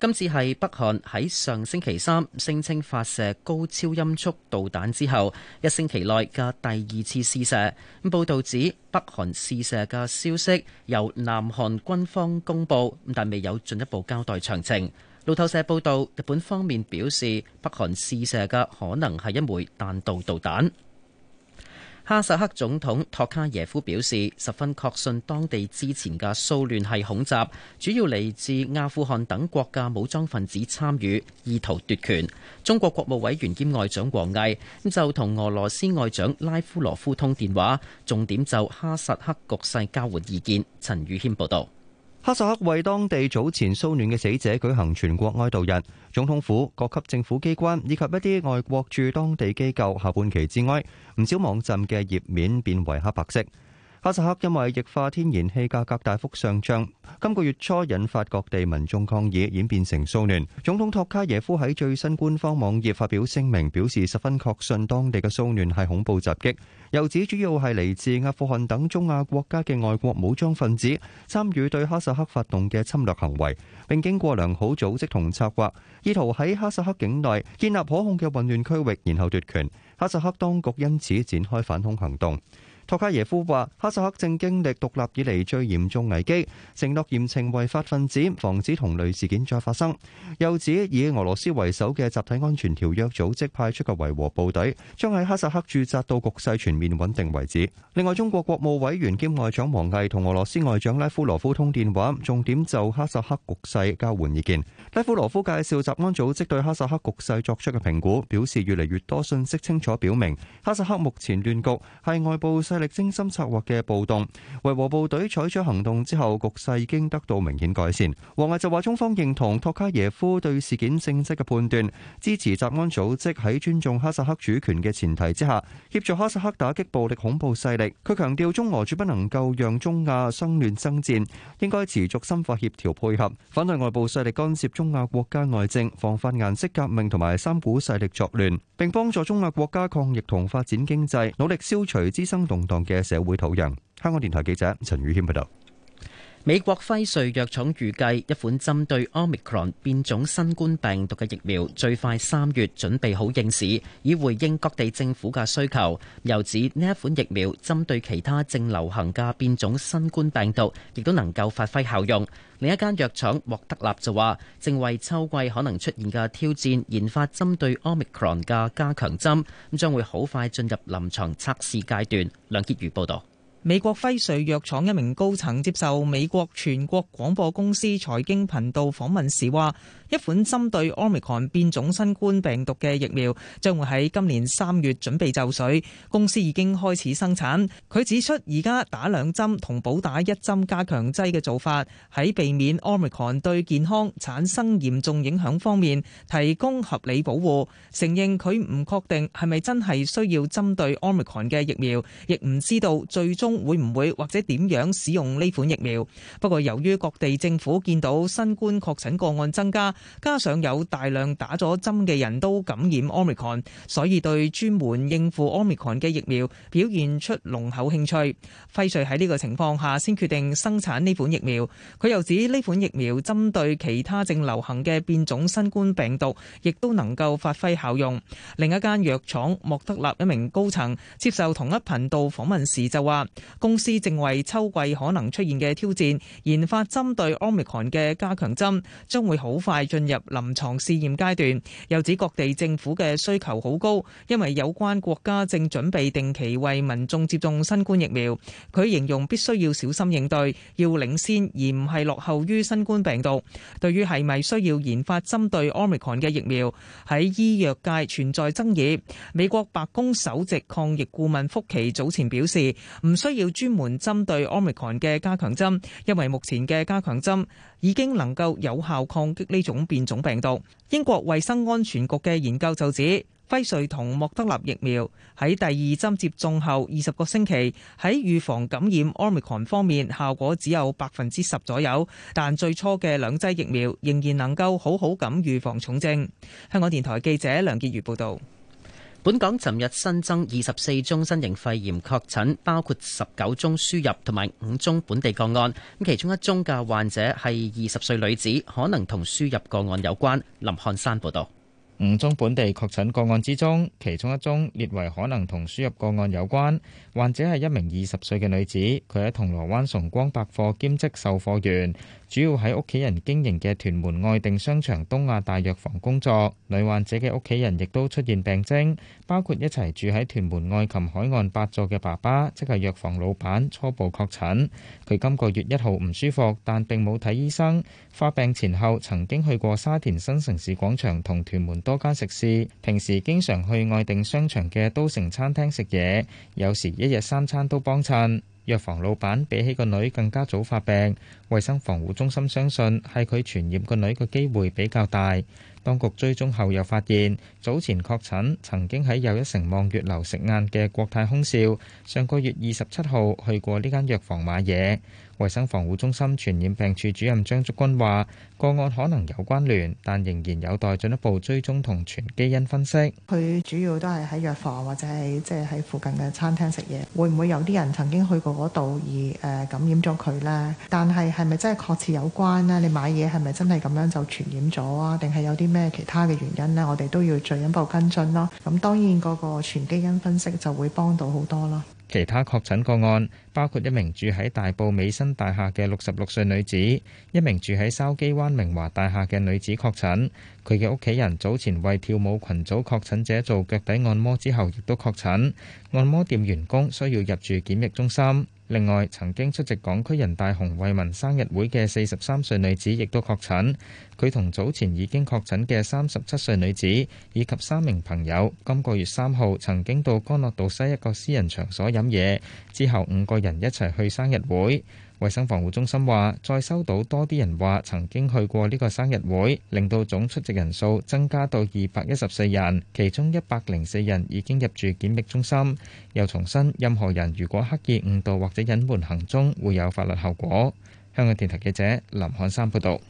今次係北韓喺上星期三聲稱發射高超音速導彈之後，一星期內嘅第二次試射。報道指北韓試射嘅消息由南韓軍方公布，但未有進一步交代詳情。路透社報道，日本方面表示北韓試射嘅可能係一枚彈道導彈。哈薩克總統托卡耶夫表示十分確信當地之前嘅騷亂係恐襲，主要嚟自阿富汗等國家武裝分子參與，意圖奪權。中國國務委員兼外長王毅咁就同俄羅斯外長拉夫羅夫通電話，重點就哈薩克局勢交換意見。陳宇軒報導。哈薩克為當地早前騷亂嘅死者舉行全國哀悼日，總統府、各級政府機關以及一啲外國駐當地機構下半旗致哀，唔少網站嘅頁面變為黑白色。哈薩克因為液化天然氣價格大幅上漲，今個月初引發各地民眾抗議，演變成騷亂。總統托卡耶夫喺最新官方網頁發表聲明，表示十分確信當地嘅騷亂係恐怖襲擊，又指主要係嚟自阿富汗等中亞國家嘅外國武裝分子參與對哈薩克發動嘅侵略行為，並經過良好組織同策劃，意圖喺哈薩克境內建立可控嘅混亂區域，然後奪權。哈薩克當局因此展開反恐行動。托卡耶夫話：哈薩克正經歷獨立以嚟最嚴重危機，承諾嚴懲違法分子，防止同類事件再發生。又指以俄羅斯為首嘅集體安全條約組織派出嘅維和部隊，將喺哈薩克駐紮到局勢全面穩定為止。另外，中國國務委員兼外長王毅同俄羅斯外長拉夫羅夫通電話，重點就哈薩克局勢交換意見。拉夫羅夫介紹集安組織對哈薩克局勢作出嘅評估，表示越嚟越多信息清楚表明，哈薩克目前亂局係外部勢力精心策劃嘅暴動，維和部隊採取行動之後，局勢已經得到明顯改善。王毅就話：中方認同托卡耶夫對事件性質嘅判斷，支持集安組織喺尊重哈薩克主權嘅前提之下，協助哈薩克打擊暴力恐怖勢力。佢強調：中俄絕不能夠讓中亞生亂生戰，應該持續深化協調配合，反對外部勢力干涉中亞國家內政，防範顏色革命同埋三股勢力作亂，並幫助中亞國家抗疫同發展經濟，努力消除滋生動當嘅社會土壤。香港電台記者陳宇軒報道。美國輝瑞藥廠預計一款針對 Omicron 變種新冠病毒嘅疫苗，最快三月準備好應市，以回應各地政府嘅需求。又指呢一款疫苗針對其他正流行嘅變種新冠病毒，亦都能夠發揮效用。另一間藥廠莫德納就話，正為秋季可能出現嘅挑戰研發針對 Omicron 嘅加強針，咁將會好快進入臨牀測試階段。梁潔如報道。美國輝瑞藥廠一名高層接受美國全國廣播公司財經頻道訪問時話，一款針對 Omicron 變種新冠病毒嘅疫苗將會喺今年三月準備就緒，公司已經開始生產。佢指出，而家打兩針同補打一針加強劑嘅做法，喺避免 Omicron 對健康產生嚴重影響方面提供合理保護。承認佢唔確定係咪真係需要針對 Omicron 嘅疫苗，亦唔知道最終會唔會或者點樣使用呢款疫苗。不過，由於各地政府見到新冠確診個案增加，加上有大量打咗針嘅人都感染 omicron，所以對專門應付 omicron 嘅疫苗表現出濃厚興趣。輝瑞喺呢個情況下先決定生產呢款疫苗。佢又指呢款疫苗針對其他正流行嘅變種新冠病毒，亦都能夠發揮效用。另一間藥廠莫德納一名高層接受同一頻道訪問時就話公司正為秋季可能出現嘅挑戰研發針對 omicron 嘅加強針將會好快。進入臨床試驗階段，又指各地政府嘅需求好高，因為有關國家正準備定期為民眾接種新冠疫苗。佢形容必須要小心應對，要領先而唔係落後於新冠病毒。對於係咪需要研發針對 Omicron 嘅疫苗，喺醫藥界存在爭議。美國白宮首席抗疫顧問福奇早前表示，唔需要專門針對 Omicron 嘅加強針，因為目前嘅加強針已經能夠有效抗擊呢種變種病毒。英國衛生安全局嘅研究就指，輝瑞同莫德納疫苗喺第二針接種後二十個星期，喺預防感染 Omicron 方面效果只有百分之十左右，但最初嘅兩劑疫苗仍然能夠好好咁預防重症。香港電台記者梁潔如報導。本港昨日新增二十四宗新型肺炎確診，包括十九宗輸入同埋五宗本地個案。咁其中一宗嘅患者係二十歲女子，可能同輸入個案有關。林漢山報道，五宗本地確診個案之中，其中一宗列為可能同輸入個案有關。患者係一名二十歲嘅女子，佢喺銅鑼灣崇光百貨兼職售貨員。主要喺屋企人經營嘅屯門愛定商場東亞大藥房工作，女患者嘅屋企人亦都出現病徵，包括一齊住喺屯門愛琴海岸八座嘅爸爸，即係藥房老闆，初步確診。佢今個月一號唔舒服，但並冇睇醫生。發病前後曾經去過沙田新城市廣場同屯門多間食肆，平時經常去愛定商場嘅都城餐廳食嘢，有時一日三餐都幫襯。藥房老闆比起個女更加早發病，衛生防護中心相信係佢傳染個女嘅機會比較大。當局追蹤後又發現，早前確診、曾經喺又一城望月樓食晏嘅國泰空少，上個月二十七號去過呢間藥房買嘢。衛生防護中心傳染病處主任張竹君話，個案可能有關聯，但仍然有待進一步追蹤同全基因分析。佢主要都係喺藥房或者係即係喺附近嘅餐廳食嘢，會唔會有啲人曾經去過嗰度而誒感染咗佢呢？但係係咪真係確切有關呢？你買嘢係咪真係咁樣就傳染咗啊？定係有啲咩其他嘅原因呢？我哋都要進一步跟進咯。咁當然，嗰個全基因分析就會幫到好多咯。其他確診個案包括一名住喺大埔美新大廈嘅六十六歲女子，一名住喺筲箕灣明華大廈嘅女子確診。佢嘅屋企人早前為跳舞群組確診者做腳底按摩之後，亦都確診。按摩店員工需要入住檢疫中心。另外，曾經出席港區人大洪為民生日會嘅四十三歲女子亦都確診，佢同早前已經確診嘅三十七歲女子以及三名朋友，今個月三號曾經到干諾道西一個私人場所飲嘢，之後五個人一齊去生日會。衛生防護中心話，再收到多啲人話曾經去過呢個生日會，令到總出席人數增加到二百一十四人，其中一百零四人已經入住檢疫中心。又重申，任何人如果刻意誤導或者隱瞞行蹤，會有法律後果。香港電台記者林漢山報道。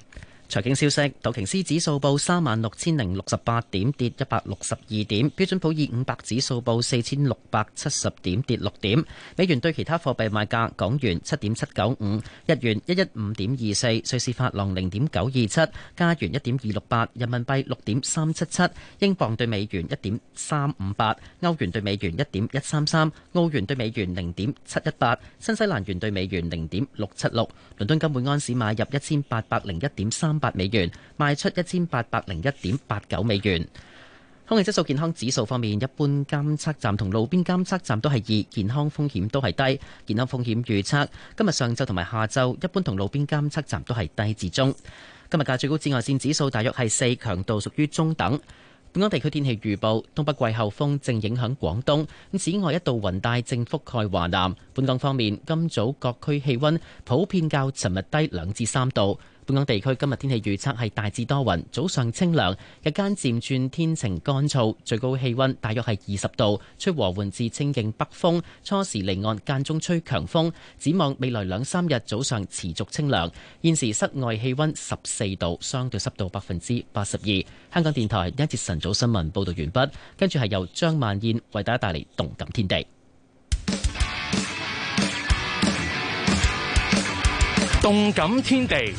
財經消息：道瓊斯指數報三萬六千零六十八點，跌一百六十二點；標準普爾五百指數報四千六百七十點，跌六點。美元對其他貨幣買價：港元七點七九五，日元一一五點二四，瑞士法郎零點九二七，加元一點二六八，人民幣六點三七七，英鎊對美元一點三五八，歐元對美元一點一三三，澳元對美元零點七一八，新西蘭元對美元零點六七六。倫敦金每安士買入一千八百零一點三。八美元賣出一千八百零一點八九美元。空氣質素健康指數方面，一般監測站同路邊監測站都係二，健康風險都係低。健康風險預測今日上晝同埋下晝，一般同路邊監測站都係低至中。今日嘅最高紫外線指數大約係四，強度屬於中等。本港地區天氣預報：東北季候風正影響廣東，此外，一道雲帶正覆蓋華南。本港方面，今早各區氣溫普遍較尋日低兩至三度。本港地區今日天氣預測係大致多雲，早上清涼，日間漸轉天晴乾燥，最高氣温大約係二十度，吹和緩至清勁北風，初時離岸間中吹強風。展望未來兩三日早上持續清涼。現時室外氣温十四度，相對濕度百分之八十二。香港電台一節晨早新聞報道完畢，跟住係由張萬燕為大家帶嚟動感天地。動感天地。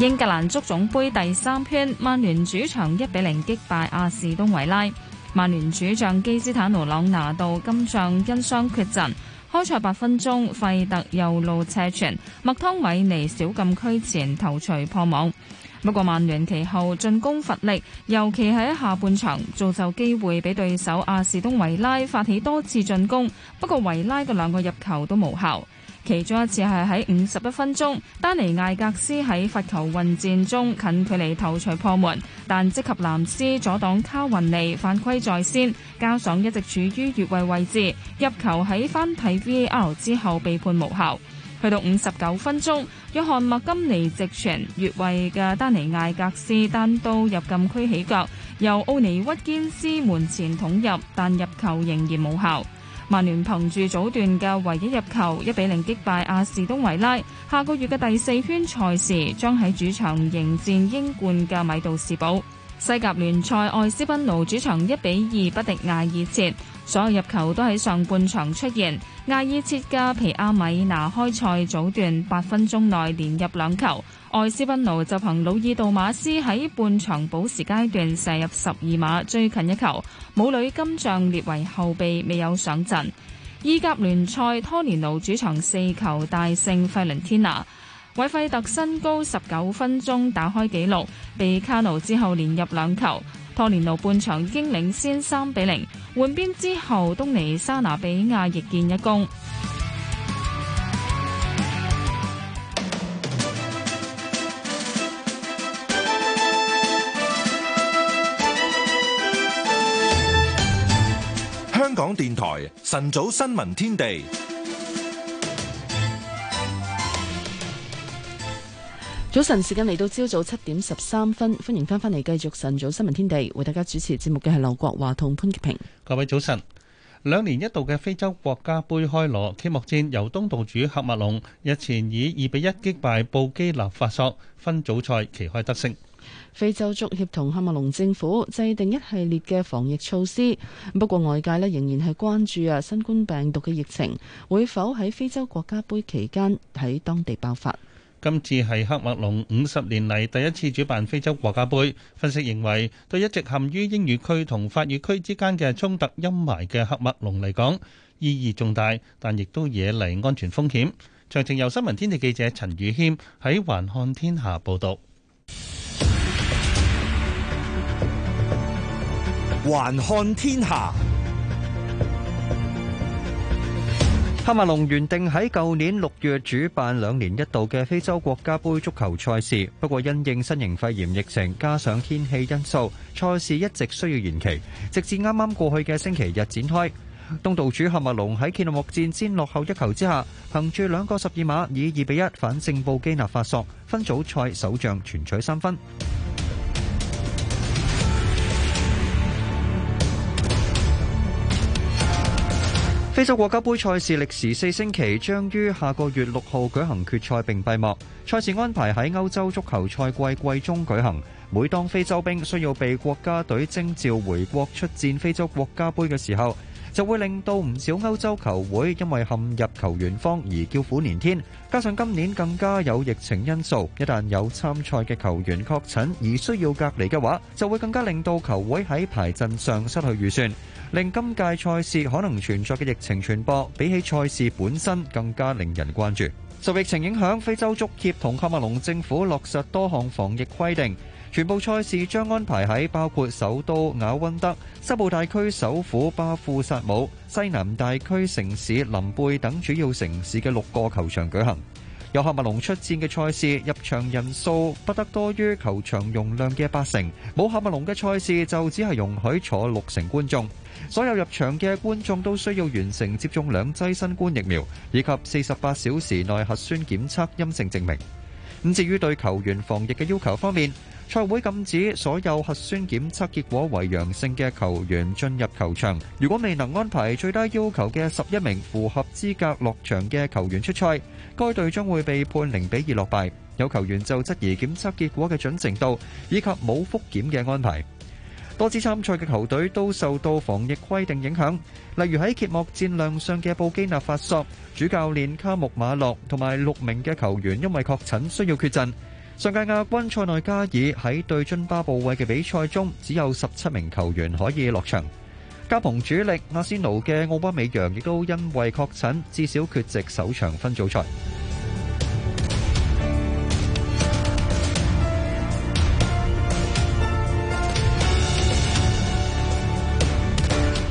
英格蘭足總杯第三圈，曼聯主場一比零擊敗阿士東維拉。曼聯主將基斯坦奴朗拿度今仗因傷缺陣，開賽八分鐘，費特右路斜傳，麥湯米尼小禁區前頭錘破網。不過曼聯其後進攻乏力，尤其喺下半場造就機會俾對手阿士東維拉發起多次進攻，不過維拉嘅兩個入球都無效。其中一次係喺五十一分鐘，丹尼艾格斯喺罰球混戰中近距離頭槌破門，但即及藍斯阻擋卡云尼犯規在先，加上一直處於越位位置，入球喺翻睇 VAR 之後被判無效。去到五十九分鐘，約翰麥金尼直傳越位嘅丹尼艾格斯，單刀入禁區起腳，由奧尼屈堅斯門前捅入，但入球仍然無效。曼聯憑住早段嘅唯一入球，一比零擊敗阿士東維拉。下個月嘅第四圈賽事，將喺主場迎戰英冠嘅米杜士堡。西甲聯賽，愛斯賓奴主場一比二不敵亞爾切。所有入球都喺上半場出現，亞伊切加皮阿米拿開賽早段八分鐘內連入兩球，愛斯賓奴就憑魯爾杜馬斯喺半場保時階段射入十二碼追近一球，母女金像列為後備未有上陣。意甲聯賽拖連奴主場四球大勝費倫天拿，韋費特身高十九分鐘打開紀錄，被卡奴之後連入兩球。多連路半場已經領先三比零，換邊之後，東尼沙拿比亞亦建一功。香港電台晨早新聞天地。早晨，時間嚟到朝早七點十三分，歡迎翻返嚟繼續晨早新聞天地，為大家主持節目嘅係劉國華同潘潔平。各位早晨！兩年一度嘅非洲國家杯開鑼，揭幕戰由東道主喀麥隆日前以二比一擊敗布基納法索，分組賽旗開得勝。非洲足協同喀麥隆政府制定一系列嘅防疫措施，不過外界呢仍然係關注啊新冠病毒嘅疫情會否喺非洲國家杯期間喺當地爆發。今次係黑麥龍五十年嚟第一次主辦非洲國家杯，分析認為對一直陷於英語區同法語區之間嘅衝突陰霾嘅黑麥龍嚟講意義重大，但亦都惹嚟安全風險。詳情由新聞天地記者陳宇謙喺《環看天下》報道。環看天下。喀麥隆原定喺舊年六月主辦兩年一度嘅非洲國家杯足球賽事，不過因應新型肺炎疫情，加上天氣因素，賽事一直需要延期，直至啱啱過去嘅星期日展開。東道主喀麥隆喺揭幕戰先落後一球之下，憑住兩個十二碼以二比一反勝布基納法索，分組賽首仗全取三分。非洲國家盃賽事歷時四星期，將於下個月六號舉行決賽並閉幕。賽事安排喺歐洲足球賽季季中舉行。每當非洲兵需要被國家隊徵召回國出戰非洲國家盃嘅時候，就會令到唔少歐洲球會因為陷入球員荒而叫苦連天。加上今年更加有疫情因素，一旦有參賽嘅球員確診而需要隔離嘅話，就會更加令到球會喺排陣上失去預算。令今屆賽事可能存在嘅疫情傳播，比起賽事本身更加令人關注。受疫情影響，非洲足協同喀麥隆政府落實多項防疫規定，全部賽事將安排喺包括首都雅温得、西部大區首府巴富薩姆、西南大區城市林貝等主要城市嘅六個球場舉行。有喀麥隆出戰嘅賽事，入場人數不得多於球場容量嘅八成；冇喀麥隆嘅賽事就只係容許坐六成觀眾。所有入場嘅觀眾都需要完成接種兩劑新冠疫苗，以及四十八小時內核酸檢測陰性證明。咁至於對球員防疫嘅要求方面，賽會禁止所有核酸檢測結果為陽性嘅球員進入球場，如果未能安排最低要求嘅上屆亞軍塞內加爾喺對津巴布韋嘅比賽中，只有十七名球員可以落場。加蓬主力阿仙奴嘅奧巴美揚亦都因為確診，至少缺席首場分組賽。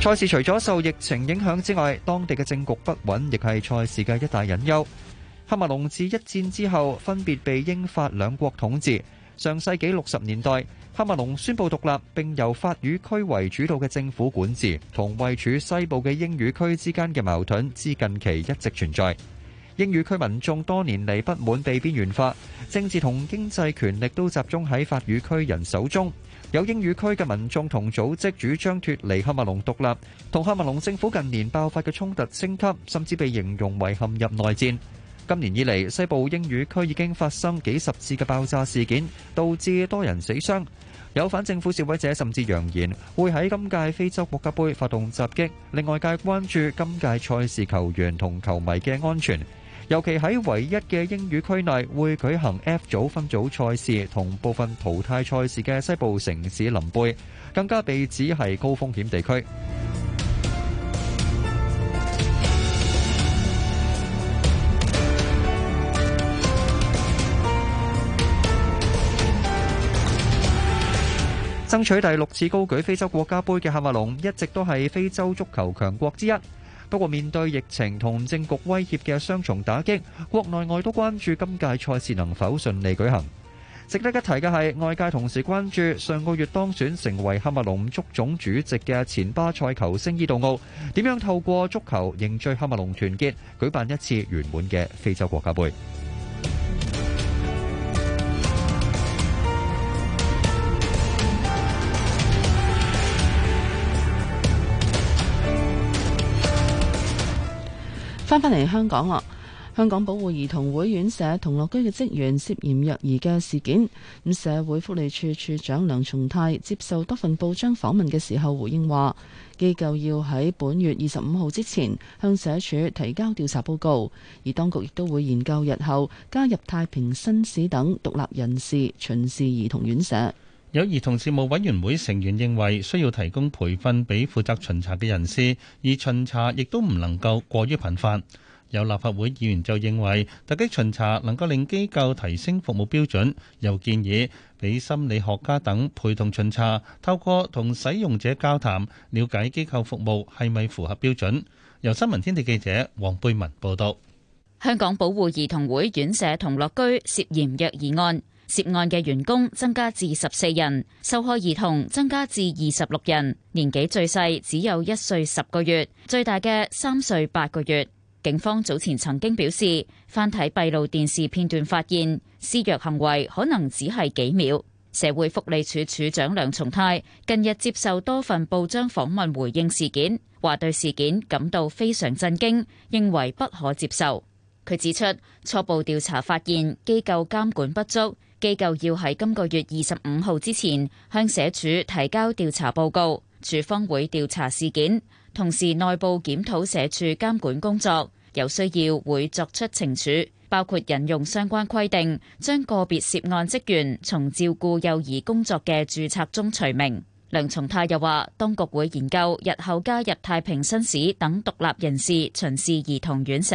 賽事除咗受疫情影響之外，當地嘅政局不穩亦係賽事嘅一大隱憂。喀麥隆自一戰之後分別被英法兩國統治。上世紀六十年代，喀麥隆宣布獨立，並由法語區為主導嘅政府管治，同位處西部嘅英語區之間嘅矛盾，至近期一直存在。英語區民眾多年嚟不滿被邊緣化，政治同經濟權力都集中喺法語區人手中。有英語區嘅民眾同組織主張脱離喀麥隆獨立，同喀麥隆政府近年爆發嘅衝突升級，甚至被形容為陷入內戰。今年以嚟，西部英語區已經發生幾十次嘅爆炸事件，導致多人死傷。有反政府示威者甚至揚言會喺今屆非洲國家杯發動襲擊，令外界關注今屆賽事球員同球迷嘅安全，尤其喺唯一嘅英語區內會舉行 F 組分組賽事同部分淘汰賽事嘅西部城市林貝，更加被指係高風險地區。爭取第六次高舉非洲國家杯嘅喀麥隆一直都係非洲足球強國之一，不過面對疫情同政局威脅嘅雙重打擊，國內外都關注今屆賽事能否順利舉行。值得一提嘅係，外界同時關注上個月當選成為喀麥隆足總主席嘅前巴塞球星伊度奧點樣透過足球凝聚喀麥隆團結，舉辦一次圓滿嘅非洲國家杯。翻返嚟香港啦，香港保護兒童會院舍童樂居嘅職員涉嫌虐兒嘅事件，咁社會福利處處長梁松泰接受多份報章訪問嘅時候回應話，機構要喺本月二十五號之前向社署提交調查報告，而當局亦都會研究日後加入太平紳士等獨立人士巡視兒童院舍。有兒童事務委員會成員認為需要提供培訓俾負責巡查嘅人士，而巡查亦都唔能夠過於頻繁。有立法會議員就認為，突擊巡查能夠令機構提升服務標準，又建議俾心理學家等陪同巡查，透過同使用者交談，了解機構服務係咪符合標準。由新聞天地記者黃貝文報道。香港保護兒童會院舍同樂居涉嫌虐兒案。涉案嘅員工增加至十四人，受害兒童增加至二十六人，年紀最細只有一歲十個月，最大嘅三歲八個月。警方早前曾經表示，翻睇閉路電視片段，發現施虐行為可能只係幾秒。社會福利署署長梁松泰近日接受多份報章訪問回應事件，話對事件感到非常震驚，認為不可接受。佢指出，初步調查發現機構監管不足。機構要喺今個月二十五號之前向社署提交調查報告，署方會調查事件，同時內部檢討社署監管工作，有需要會作出懲處，包括引用相關規定，將個別涉案職員從照顧幼兒工作嘅注冊中除名。梁松泰又話，當局會研究日後加入太平紳士等獨立人士巡視兒童院舍。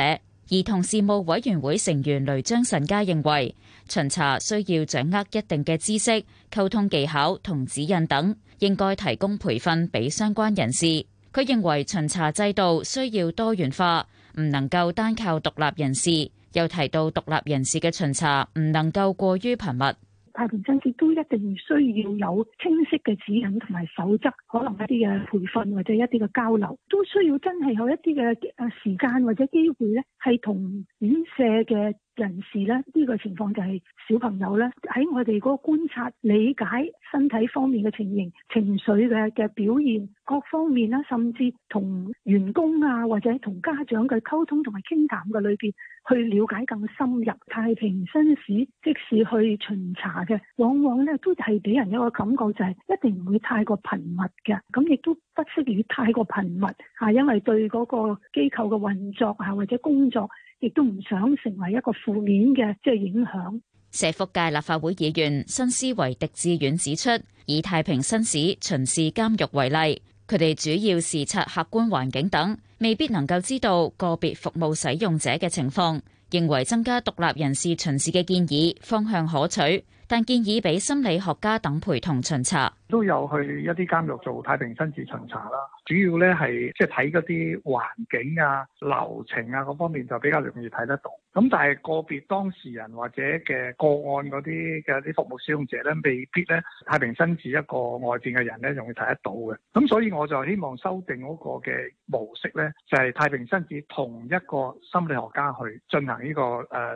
兒童事務委員會成員雷張慎佳認為，巡查需要掌握一定嘅知識、溝通技巧同指引等，應該提供培訓俾相關人士。佢認為巡查制度需要多元化，唔能夠單靠獨立人士。又提到獨立人士嘅巡查唔能夠過於頻密。太平紳士都一定需要有清晰嘅指引同埋守則，可能一啲嘅培訓或者一啲嘅交流，都需要真係有一啲嘅啊時間或者機會咧，係同院舍嘅。人士咧呢、呢個情況就係小朋友咧喺我哋嗰個觀察理解身體方面嘅情形、情緒嘅嘅表現各方面啦，甚至同員工啊或者同家長嘅溝通同埋傾談嘅裏邊去了解更深入。太平紳士即使去巡查嘅，往往咧都係俾人一個感覺就係、是，一定唔會太過頻密嘅，咁亦都不適宜太過頻密啊，因為對嗰個機構嘅運作啊或者工作。亦都唔想成為一個負面嘅即係影響。社福界立法會議員新思維狄志遠指出，以太平紳士巡視監獄為例，佢哋主要視察客觀環境等，未必能夠知道個別服務使用者嘅情況。認為增加獨立人士巡視嘅建議方向可取。但建議俾心理學家等陪同巡查，都有去一啲監獄做太平紳士巡查啦。主要咧係即係睇嗰啲環境啊、流程啊嗰方面就比較容易睇得到。咁但係個別當事人或者嘅個案嗰啲嘅啲服務使用者咧，未必咧太平紳士一個外邊嘅人咧容易睇得到嘅。咁所以我就希望修訂嗰個嘅模式咧，就係太平紳士同一個心理學家去進行呢個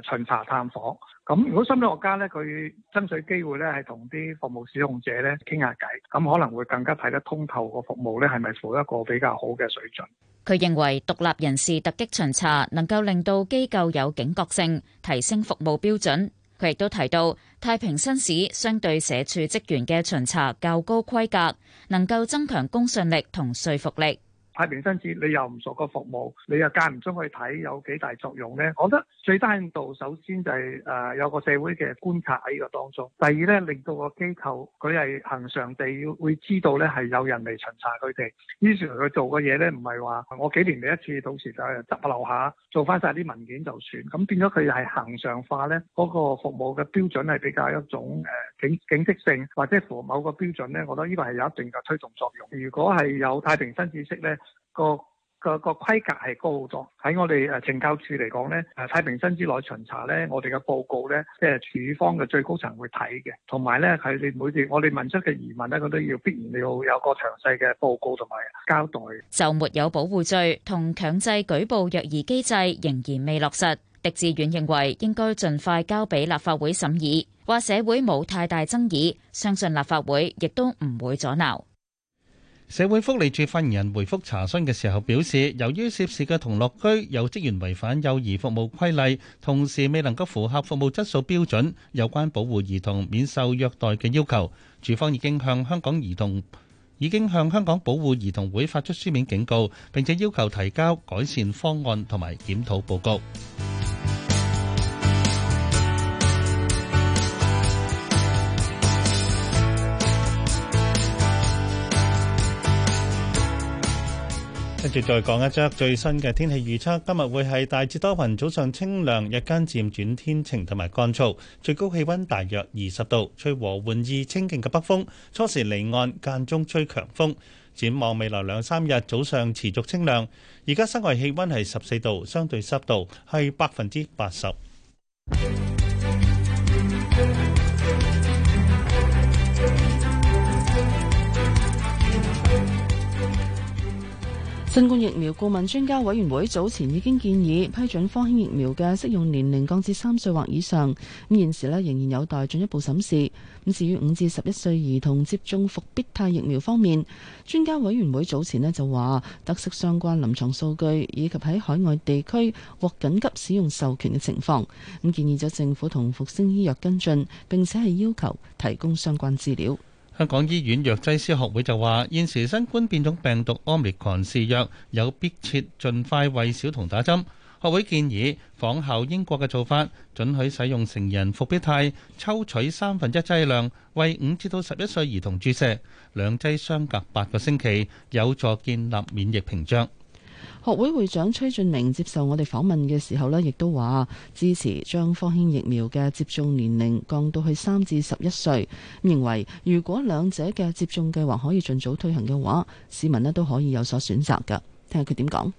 誒巡查探訪。咁如果心理學家咧，佢爭取機會咧，係同啲服務使用者咧傾下偈，咁可能會更加睇得通透個服務咧，係咪符一個比較好嘅水準？佢認為獨立人士突擊巡查能夠令到機構有警覺性，提升服務標準。佢亦都提到太平紳士相對社署職員嘅巡查較高規格，能夠增強公信力同說服力。太平紳士，你又唔熟個服務，你又間唔中去睇有幾大作用咧？我覺得最低度首先就係、是、誒、呃、有個社會嘅觀察喺呢個當中。第二咧，令到個機構佢係恒常地要會知道咧係有人嚟巡查佢哋，於是佢做嘅嘢咧唔係話我幾年嚟一次，到時就執漏下做翻晒啲文件就算。咁變咗佢係恒常化咧，嗰、那個服務嘅標準係比較一種誒、呃、警警惕性或者符合某個標準咧。我覺得依個係有一定嘅推動作用。如果係有太平紳士知識咧，個個個規格係高咗，喺我哋誒懲教處嚟講咧，誒太平新之內巡查咧，我哋嘅報告咧，即係處方嘅最高層會睇嘅，同埋咧係你每次我哋問出嘅疑問咧，佢都要必然要有個詳細嘅報告同埋交代。就沒有保護罪同強制舉報虐兒機制仍然未落實，狄志遠認為應該盡快交俾立法會審議，話社會冇太大爭議，相信立法會亦都唔會阻撓。社會福利署發言人回覆查詢嘅時候表示，由於涉事嘅童樂居有職員違反幼兒服務規例，同時未能夠符合服務質素標準有關保護兒童免受虐待嘅要求，署方已經向香港保護兒童會發出書面警告，並且要求提交改善方案同埋檢討報告。再講一則最新嘅天氣預測，今日會係大致多雲，早上清涼，日間漸轉天晴同埋乾燥，最高氣溫大約二十度，吹和緩至清勁嘅北風，初時離岸，間中吹強風。展望未來兩三日，早上持續清涼。而家室外氣溫係十四度，相對濕度係百分之八十。新冠疫苗顧問專家委員會早前已經建議批准科興疫苗嘅適用年齡降至三歲或以上，咁現時咧仍然有待進一步審視。咁至於五至十一歲兒童接種復必泰疫苗方面，專家委員會早前咧就話得悉相關臨床數據以及喺海外地區獲緊急使用授權嘅情況，咁建議咗政府同復星醫藥跟進，並且係要求提供相關資料。香港醫院藥劑師學會就話：現時新冠變種病毒 Omicron 肆虐有迫切，盡快為小童打針。學會建議仿效英國嘅做法，准許使用成人復必泰，抽取三分之一劑量，為五至到十一歲兒童注射，兩劑相隔八個星期，有助建立免疫屏障。學會會長崔俊明接受我哋訪問嘅時候呢，亦都話支持將科興疫苗嘅接種年齡降到去三至十一歲。認為如果兩者嘅接種計劃可以盡早推行嘅話，市民都可以有所選擇嘅。聽下佢點講。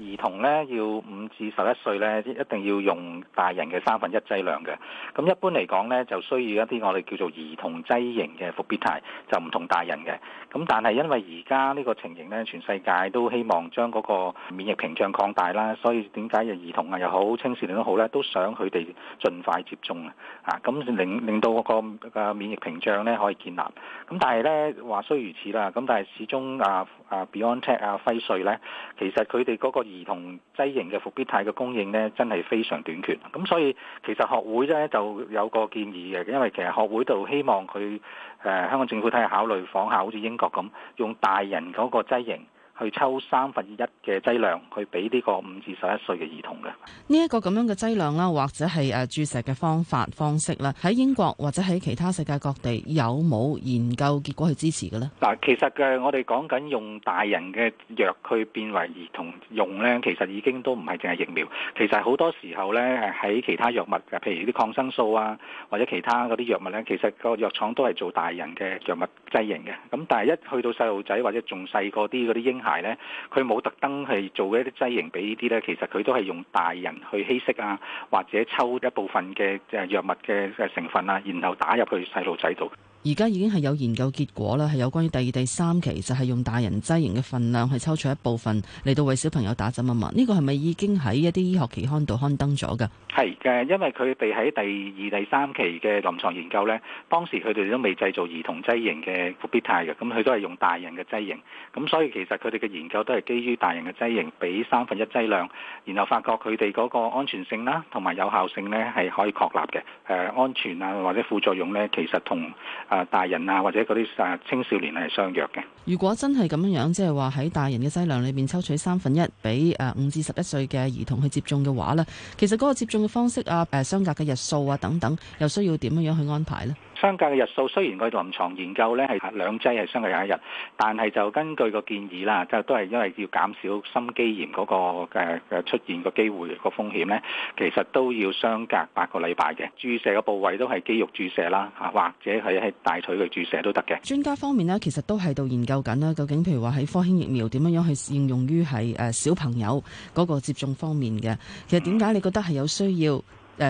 兒童咧要五至十一歲咧，一定要用大人嘅三分一劑量嘅。咁一般嚟講咧，就需要一啲我哋叫做兒童劑型嘅復必泰，就唔同大人嘅。咁但係因為而家呢個情形咧，全世界都希望將嗰個免疫屏障擴大啦，所以點解嘅兒童啊又好、青少年都好咧，都想佢哋盡快接種啊。啊，咁令令到嗰個免疫屏障咧可以建立。咁但係咧話雖如此啦，咁但係始終啊啊，BioNTech 啊、輝瑞咧，其實佢哋嗰個。兒童劑型嘅復必泰嘅供應咧，真係非常短缺。咁所以其實學會咧就有個建議嘅，因為其實學會度希望佢誒、呃、香港政府睇下考慮仿效好似英國咁，用大人嗰個劑型。去抽三分之一嘅，這個，劑量去俾呢個五至十一歲嘅兒童嘅。呢一個咁樣嘅劑量啦，或者係誒注射嘅方法方式啦，喺英國或者喺其他世界各地有冇研究結果去支持嘅咧？嗱，其實嘅我哋講緊用大人嘅藥去變為兒童用咧，其實已經都唔係淨係疫苗。其實好多時候咧，係喺其他藥物嘅，譬如啲抗生素啊，或者其他嗰啲藥物咧，其實個藥廠都係做大人嘅藥物劑型嘅。咁但係一去到細路仔或者仲細個啲嗰啲嬰。埋咧，佢冇特登去做一啲劑型俾呢啲咧，其實佢都係用大人去稀釋啊，或者抽一部分嘅即係藥物嘅成分啊，然後打入去細路仔度。而家已經係有研究結果啦，係有關於第二、第三期就係、是、用大人劑型嘅份量，去抽取一部分嚟到為小朋友打針啊嘛。呢、呢個係咪已經喺一啲醫學期刊度刊登咗㗎？係嘅，因為佢哋喺第二、第三期嘅臨床研究呢，當時佢哋都未製造兒童劑型嘅復必泰嘅，咁佢都係用大人嘅劑型，咁所以其實佢哋嘅研究都係基於大人嘅劑型，俾三分一劑量，然後發覺佢哋嗰個安全性啦，同埋有效性呢係可以確立嘅。誒，安全啊，或者副作用呢，其實同啊，大人啊，或者嗰啲，啊、青少年啊，係相約嘅。如果真係咁樣樣，即係話喺大人嘅劑量裏面抽取三分一，俾誒五至十一歲嘅兒童去接種嘅話呢，其實嗰個接種嘅方式啊，誒，相隔嘅日數啊等等，又需要點樣去安排呢？相隔嘅日數，雖然佢臨床研究咧係兩劑係相隔有一日，但係就根據個建議啦，即都係因為要減少心肌炎嗰、個誒出現個機會、個風險呢，其實都要相隔八個禮拜嘅。注射個部位都係肌肉注射啦，或者係喺大腿嘅注射都得嘅。專家方面呢，其實都係到研究緊啦，究竟譬如話喺科興疫苗點樣樣去應用於係誒小朋友嗰個接種方面嘅，其實點解你覺得係有需要？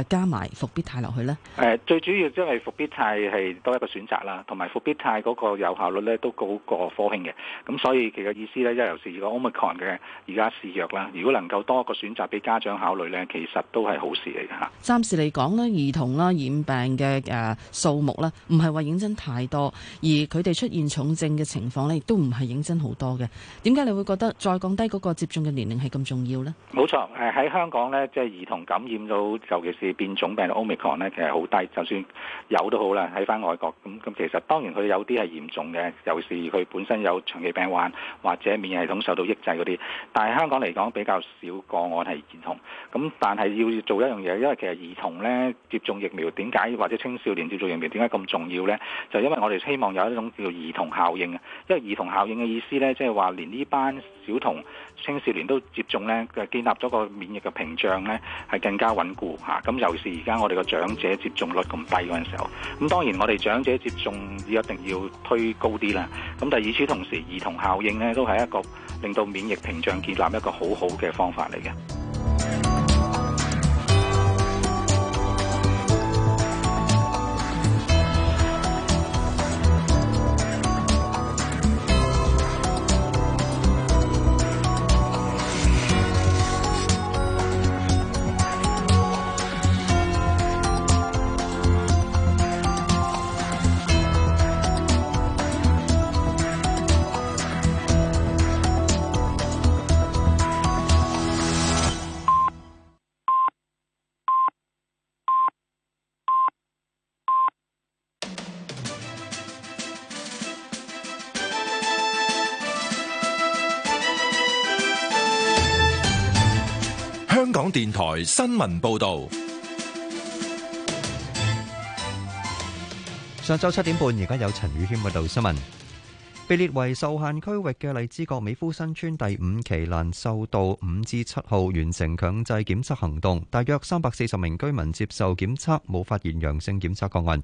加埋伏必泰落去呢，最主要即係伏必泰係多一個選擇啦，同埋伏必泰嗰個有效率呢都高過科興嘅。咁所以其實意思呢、就是，尤其是如果 omicron 嘅而家肆虐啦，如果能夠多一個選擇俾家長考慮呢，其實都係好事嚟嘅嚇。暫時嚟講呢，兒童啦染病嘅數目啦，唔係話認真太多，而佢哋出現重症嘅情況呢亦都唔係認真好多嘅。點解你會覺得再降低嗰個接種嘅年齡係咁重要呢？冇錯，誒喺香港呢，即係兒童感染到，就其。是變種病毒 Omicron 咧，其實好低，就算有都好啦。喺返外國咁咁，其實當然佢有啲係嚴重嘅，尤其是佢本身有長期病患或者免疫系統受到抑制嗰啲。但係香港嚟講比較少個案係兒童，咁但係要做一樣嘢，因為其實兒童咧接種疫苗點解或者青少年接種疫苗點解咁重要咧？就因為我哋希望有一種叫做兒童效應啊，因為兒童效應嘅意思咧，即係話連呢班小童青少年都接種咧，建立咗個免疫嘅屏障咧，係更加穩固嚇。啊咁尤其是而家我哋個長者接種率咁低嗰陣時候，咁當然我哋長者接種一定要推高啲啦。咁但係與此同時，兒童效應咧都係一個令到免疫屏障建立一個好好嘅方法嚟嘅。新聞報道，上晝七點半，而家有陳宇軒報道新聞。被列為受限區域嘅荔枝角美孚新村第五期蘭秀道五至七號完成強制檢測行動，大約三百四十名居民接受檢測，冇發現陽性檢測個案。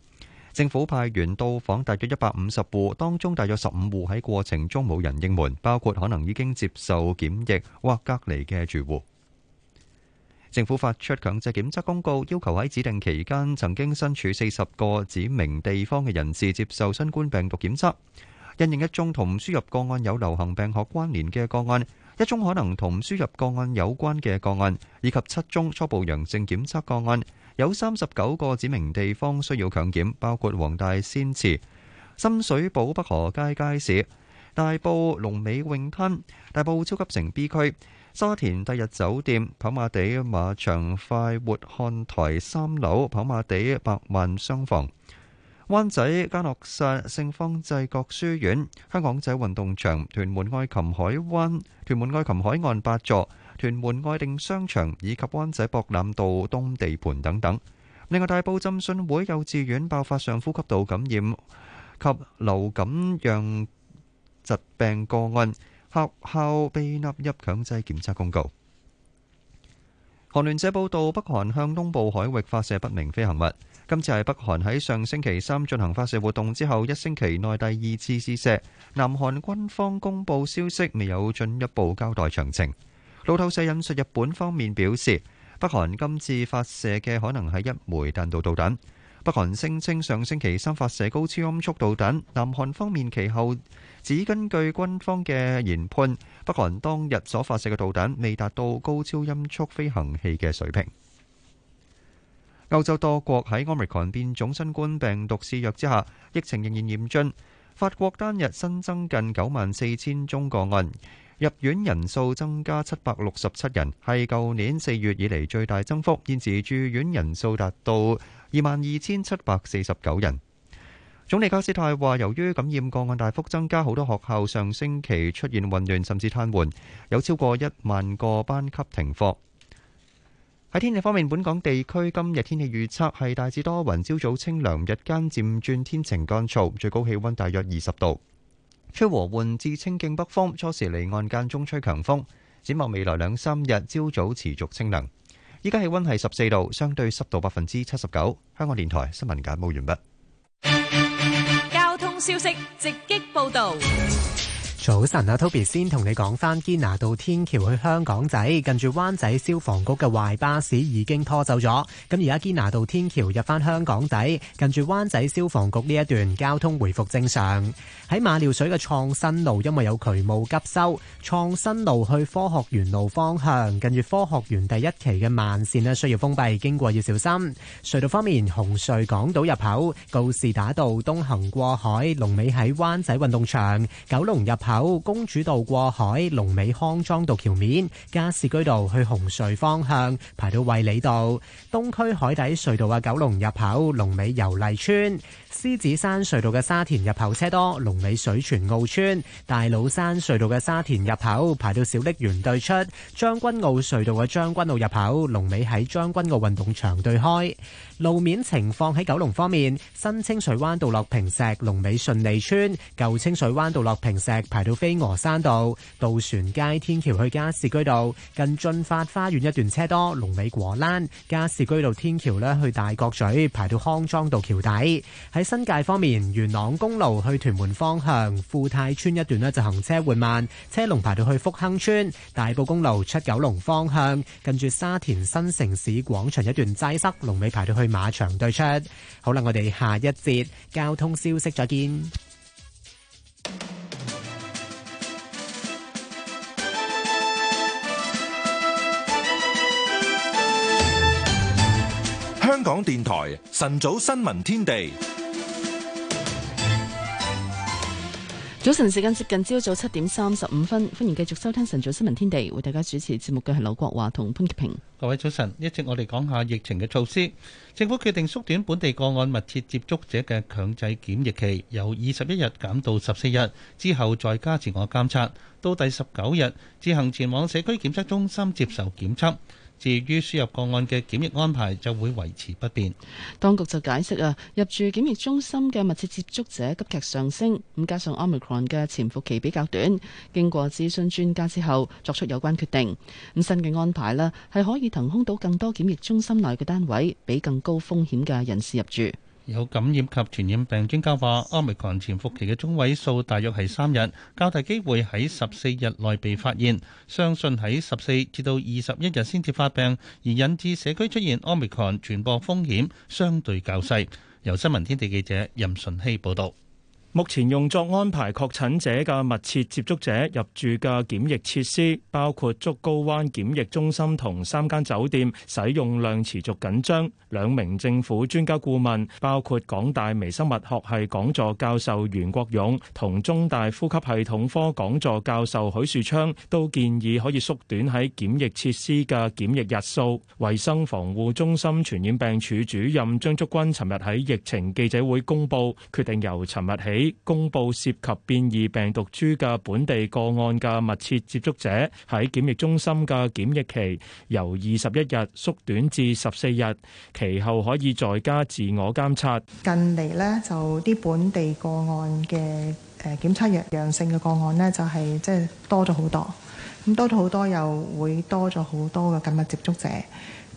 政府派員到訪大約一百五十戶，當中大約十五戶喺過程中冇人應門，包括可能已經接受檢疫或隔離嘅住戶。政府發出強制檢測公告，要求喺指定期間曾經身處四十個指明地方嘅人士接受新冠病毒檢測。因應一宗同輸入個案有流行病學關聯嘅個案，一宗可能同輸入個案有關嘅個案，以及七宗初步陽性檢測個案，有三十九個指明地方需要強檢，包括黃大仙祠、深水埗北河街街市、大埔龍尾泳灘、大埔超級城 B 區。沙田帝逸酒店、跑馬地馬場快活看台三樓、跑馬地百萬商房、灣仔嘉諾撒聖方濟各書院、香港仔運動場、屯門愛琴海灣、屯門愛琴海岸八座、屯門愛定商場以及灣仔博覽道東地盤等等。另外，大埔浸信會幼稚園爆發上呼吸道感染及流感樣疾病個案。學校被納入強制檢測公告。韓聯社報導，北韓向東部海域發射不明飛行物，今次係北韓喺上星期三進行發射活動之後一星期內第二次試射。南韓軍方公布消息，未有進一步交代詳情。路透社引述日本方面表示，北韓今次發射嘅可能係一枚彈道導彈。北韓聲稱上星期三發射高超音速導彈，南韓方面其後只根據軍方嘅研判，北韓當日所發射嘅導彈未達到高超音速飛行器嘅水平。歐洲多國喺 Omicron 變種新冠病毒肆虐之下，疫情仍然嚴峻。法國單日新增近九萬四千宗個案，入院人數增加七百六十七人，係舊年四月以嚟最大增幅。現時住院人數達到二萬二千七百四十九人。總理卡斯泰話，由於感染個案大幅增加，好多學校上星期出現混亂，甚至癱瘓，有超過一萬個班級停課。喺天氣方面，本港地區今日天，天氣預測係大致多雲，朝早清涼，日間漸轉天晴乾燥，最高氣溫大約二十度。吹和緩至清勁北風，初時離岸間中吹強風。展望未來兩三日，朝早持續清涼。而家氣温係十四度，相對濕度百分之七十九。香港電台新聞簡報完畢。交通消息直擊報道。早晨啊，Toby 先同你講翻堅拿道天橋去香港仔，近住灣仔消防局嘅壞巴士已經拖走咗。咁而家堅拿道天橋入翻香港仔，近住灣仔消防局呢一段交通回復正常。喺馬料水嘅創新路，因為有渠務急修，創新路去科學園路方向，近住科學園第一期嘅慢線呢需要封閉，經過要小心。隧道方面，紅隧港島入口、告士打道東行過海、龍尾喺灣仔運動場、九龍入口。公主道過海，龍尾康莊道橋面，加士居道去紅隧方向，排到衛理道，東區海底隧道嘅，九龍入口，龍尾油麗邨。獅子山隧道嘅沙田入口車多，龍尾水泉澳村；大老山隧道嘅沙田入口排到小瀝源對出，將軍澳隧道嘅將軍澳入口龍尾喺將軍澳運動場對開。路面情況喺九龍方面，新清水灣道落坪石龍尾順利村，舊清水灣道落坪石排到飛鵝山道，渡船街天橋去加士居道近駿發花園一段車多，龍尾果欄；加士居道天橋呢，去大角咀排到康莊道橋底喺。新界方面，元朗公路去屯門方向富泰村一段呢就行車緩慢，車龍排到去福亨村；大埔公路出九龍方向，跟住沙田新城市廣場一段擠塞，龍尾排到去馬場對出。好啦，我哋下一節交通消息再見。香港電台晨早新聞天地。早晨，時間接近朝早七點三十五分，歡迎繼續收聽晨早新聞天地，為大家主持節目嘅係劉國華同潘潔平。各位早晨，一陣我哋講下疫情嘅措施。政府決定縮短本地個案密切接觸者嘅強制檢疫期，由二十一日減到十四日，之後再加自我監察，到第十九日自行前往社區檢測中心接受檢測。至於輸入個案嘅檢疫安排就會維持不變。當局就解釋啊，入住檢疫中心嘅密切接觸者急劇上升，咁加上 Omicron 嘅潛伏期比較短，經過諮詢專家之後作出有關決定。咁新嘅安排咧，係可以騰空到更多檢疫中心內嘅單位，俾更高風險嘅人士入住。有感染及傳染病專家話，奧密克戎潛伏期嘅中位數大約係三日，較大機會喺十四日內被發現，相信喺十四至到二十一日先至發病，而引致社區出現奧密克戎傳播風險相對較細。由新聞天地記者任順熙報導。目前用作安排確診者嘅密切接觸者入住嘅檢疫設施，包括竹篙灣檢疫中心同三間酒店，使用量持續緊張，兩名政府專家顧問包括港大微生物學系講座教授袁國勇同中大呼吸系統科講座教授許樹昌，都建議可以縮短喺檢疫設施嘅檢疫日數，衛生防護中心傳染病處主任張竹君尋日喺疫情記者會公布決定由尋日起。公布涉及變異病毒株嘅本地個案嘅密切接觸者喺檢疫中心嘅檢疫期由二十一日縮短至十四日，其後可以在家自我監察。近嚟呢，就啲本地個案嘅誒，檢測陽陽性嘅個案呢，就係即係多咗好多，咁多咗好多又會多咗好多嘅緊密接觸者。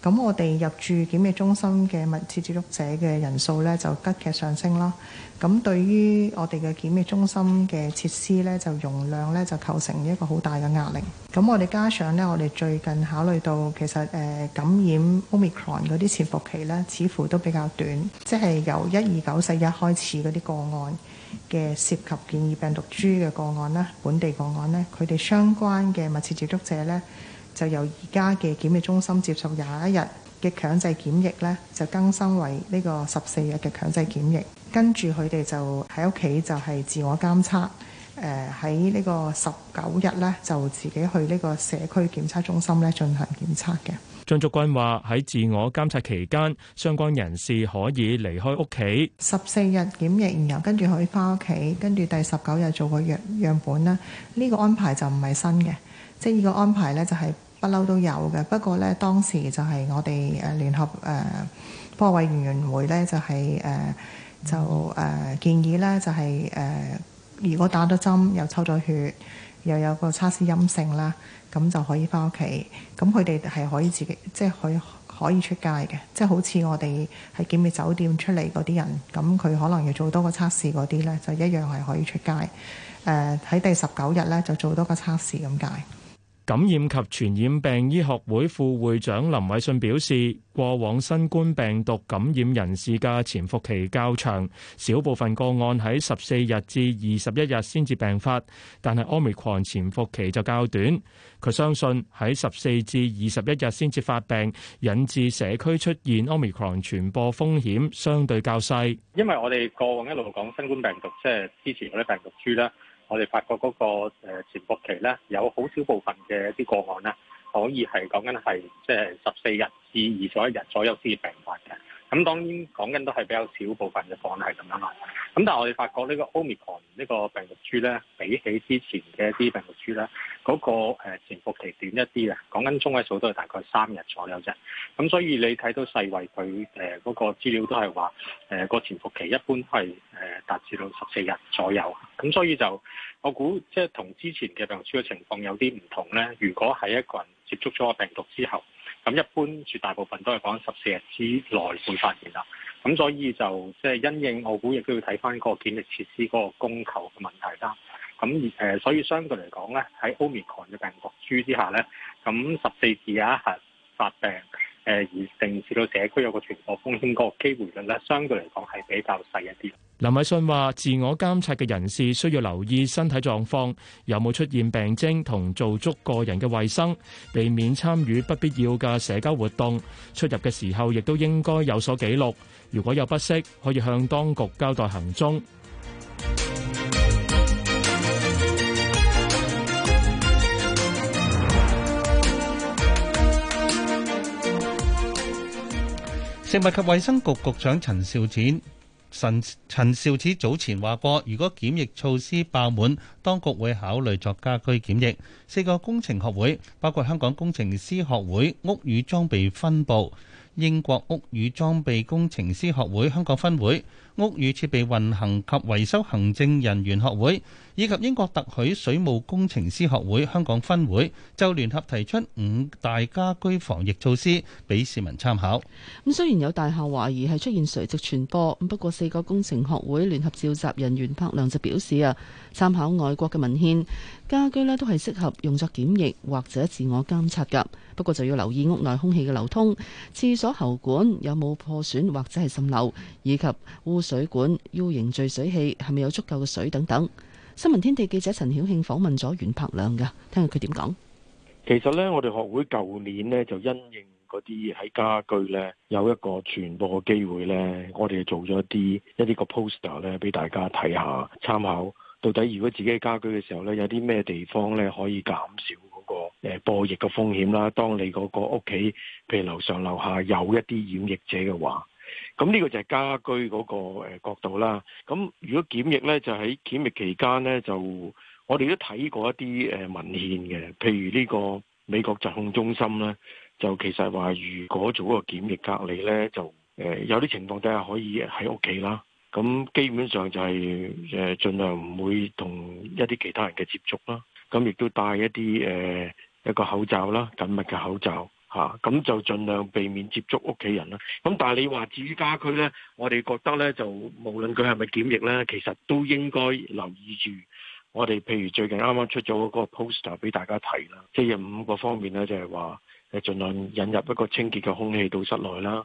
咁我哋入住檢疫中心嘅密切接觸者嘅人數呢，就急劇上升啦。咁對於我哋嘅檢疫中心嘅設施呢，就容量呢，就構成一個好大嘅壓力。咁我哋加上呢，我哋最近考慮到其實、呃、感染 Omicron 嗰啲潛伏期呢，似乎都比較短，即係由一、二、九、四一開始嗰啲個案嘅涉及建議病毒株嘅個案啦，本地個案呢，佢哋相關嘅密切接觸者呢。就由而家嘅檢疫中心接受廿一日嘅強制檢疫咧，就更新為呢個十四日嘅強制檢疫。跟住佢哋就喺屋企就係自我監測。誒喺呢個十九日咧，就自己去呢個社區檢測中心咧進行檢測嘅。張竹君話，喺自我監測期間相關人士可以離開屋企十四日檢疫，然後跟住可以翻屋企，跟住第十九日做個樣樣本啦，呢、這個安排就唔係新嘅，即係呢個安排咧就係、是。不嬲都有嘅，不過咧當時就係我哋誒聯合誒科學、呃、委員員會咧，就係、是、誒、呃、就誒、呃、建議咧，就係、是、誒、呃、如果打咗針又抽咗血又有個測試陰性啦，咁就可以翻屋企。咁佢哋係可以自己即係、就是、可以可以出街嘅，即、就、係、是、好似我哋喺檢疫酒店出嚟嗰啲人，咁佢可能要做多個測試嗰啲咧，就一樣係可以出街。誒、呃、喺第十九日咧就做多個測試咁解。感染及傳染病醫學會副會長林偉信表示，過往新冠病毒感染人士嘅潛伏期較長，小部分個案喺14日至21日先至病發，但係 Omicron 潛伏期就較短，佢相信喺14至21我哋發覺嗰個誒潛伏期咧，有好少部分嘅一啲個案咧，可以係講緊係即係十四日至二十一日左右先至病發嘅。咁當然講緊都係比較少部分嘅病例係咁樣啦。咁、嗯、但係我哋發覺呢個 Omicron 呢個病毒株咧，比起之前嘅一啲病毒株咧，嗰、那個誒潛伏期短一啲嘅。講緊中位數都係大概三日左右啫。咁所以你睇到世衛佢嗰個資料都係話，誒、那個潛伏期一般係誒達至到十四日左右。咁所以就我估即係同之前嘅病毒株嘅情況有啲唔同咧。如果係一個人接觸咗個病毒之後，咁一般絕大部分都係講十四日之內會發現啦，咁所以就即係因應，我估亦都要睇翻個檢疫設施嗰個供求嘅問題啦。咁誒，所以相對嚟講咧，喺 Omicron 嘅病毒株之下咧，咁十四字啊核發病。誒而城市到社區有個傳播風險個機會率呢，相對嚟講係比較細一啲。林偉信話：自我監察嘅人士需要留意身體狀況，有冇出現病徵，同做足個人嘅衛生，避免參與不必要嘅社交活動。出入嘅時候亦都應該有所記錄。如果有不適，可以向當局交代行蹤。食物及衛生局局長陳肇始陳陳肇始早前話過，如果檢疫措施爆滿，當局會考慮作家居檢疫。四個工程學會包括香港工程師學會屋宇裝備分部、英國屋宇裝備工程師學會香港分會。屋宇設備運行及維修行政人員學會，以及英國特許水務工程師學會香港分會就聯合提出五大家居防疫措施俾市民參考。咁雖然有大廈懷疑係出現垂直傳播，咁不過四個工程學會聯合召集人員柏亮就表示啊，參考外國嘅文獻，家居咧都係適合用作檢疫或者自我監察噶。不過就要留意屋內空氣嘅流通，廁所喉管有冇破損或者係滲漏，以及護，水管 U 型聚水器係咪有足夠嘅水等等？新聞天地記者陳曉慶訪問咗袁柏亮嘅，聽下佢點講。其實呢，我哋學會舊年呢，就因應嗰啲喺家居呢，有一個傳播嘅機會呢，我哋做咗一啲一啲個 poster 呢，俾大家睇下參考，到底如果自己喺家居嘅時候呢，有啲咩地方呢，可以減少嗰、那個誒、欸、播疫嘅風險啦。當你嗰個屋企譬如樓上樓下有一啲染疫者嘅話。咁呢個就係家居嗰個誒角度啦。咁如果檢疫咧，就喺檢疫期間咧，就我哋都睇過一啲誒文獻嘅，譬如呢個美國疾控中心咧，就其實話如果做一個檢疫隔離咧，就誒有啲情況底下可以喺屋企啦。咁基本上就係誒盡量唔會同一啲其他人嘅接觸啦。咁亦都戴一啲誒一個口罩啦，緊密嘅口罩。吓、啊，咁就盡量避免接觸屋企人啦。咁但係你話至於家居呢，我哋覺得呢，就無論佢係咪檢疫呢，其實都應該留意住。我哋譬如最近啱啱出咗嗰個 poster 俾大家睇啦，即係五個方面呢，就係、是、話，盡量引入一個清潔嘅空氣到室內啦。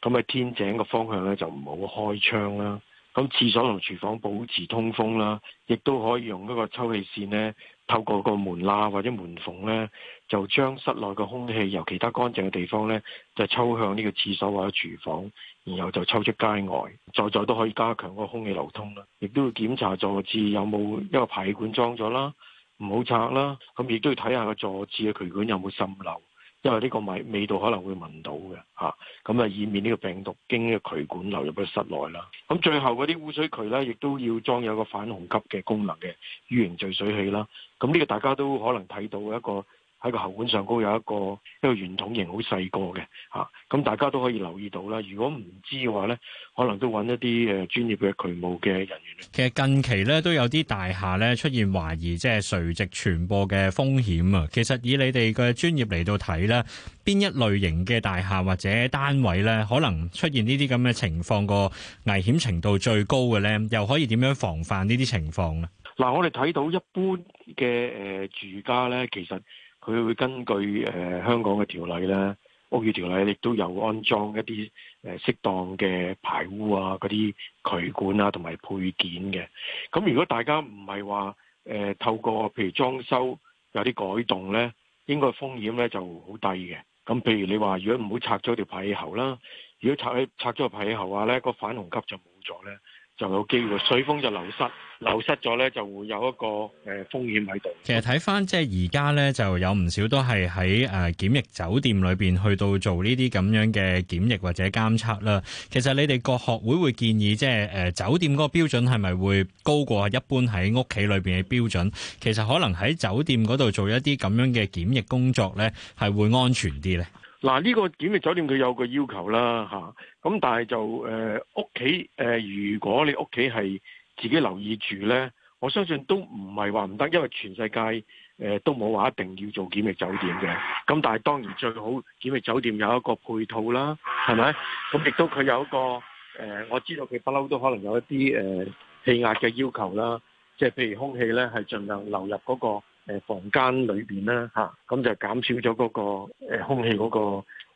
咁喺天井嘅方向呢，就唔好開窗啦。咁廁所同廚房保持通風啦，亦都可以用一個抽氣扇呢，透過個門罅或者門縫呢。就將室內嘅空氣由其他乾淨嘅地方呢，就抽向呢個廁所或者廚房，然後就抽出街外，再再都可以加強個空氣流通啦。亦都要檢查座廁有冇一個排氣管裝咗啦，唔好拆啦。咁亦都要睇下個座廁嘅渠管有冇滲漏，因為呢個味味道可能會聞到嘅嚇。咁啊，就以免呢個病毒經呢個渠管流入到室內啦。咁最後嗰啲污水渠呢，亦都要裝有一個反虹吸嘅功能嘅圓聚水器啦。咁呢個大家都可能睇到一個。喺個喉管上高有一個一個圓筒形，好細個嘅嚇，咁大家都可以留意到啦。如果唔知嘅話咧，可能都揾一啲誒專業嘅渠務嘅人員。其實近期咧都有啲大廈咧出現懷疑即係垂直傳播嘅風險啊！其實以你哋嘅專業嚟到睇咧，邊一類型嘅大廈或者單位咧，可能出現呢啲咁嘅情況，個危險程度最高嘅咧，又可以點樣防範呢啲情況咧？嗱，我哋睇到一般嘅誒住家咧，其實。佢會根據誒、呃、香港嘅條例咧，屋宇條例亦都有安裝一啲誒、呃、適當嘅排污啊嗰啲渠管啊同埋配件嘅。咁如果大家唔係話誒透過譬如裝修有啲改動咧，應該風險咧就好低嘅。咁譬如你話，如果唔好拆咗條排氣喉啦，如果拆去拆咗個排氣喉話咧，個反虹吸就冇咗咧。就有機會水風就流失，流失咗呢，就會有一個誒、呃、風險喺度。其實睇翻即係而家呢，就有唔少都係喺誒檢疫酒店裏邊去到做呢啲咁樣嘅檢疫或者監測啦。其實你哋個學會會建議即係誒酒店嗰個標準係咪會高過一般喺屋企裏邊嘅標準？其實可能喺酒店嗰度做一啲咁樣嘅檢疫工作呢，係會安全啲呢。嗱，呢個檢疫酒店佢有個要求啦嚇，咁但係就誒屋企，誒如果你屋企係自己留意住呢，我相信都唔係話唔得，因為全世界誒都冇話一定要做檢疫酒店嘅。咁但係當然最好檢疫酒店有一個配套啦，係咪？咁亦都佢有一個誒，我知道佢不嬲都可能有一啲誒氣壓嘅要求啦，即係譬如空氣呢係儘量流入嗰個，誒房間裏邊啦，嚇，咁就減少咗嗰個誒空氣嗰個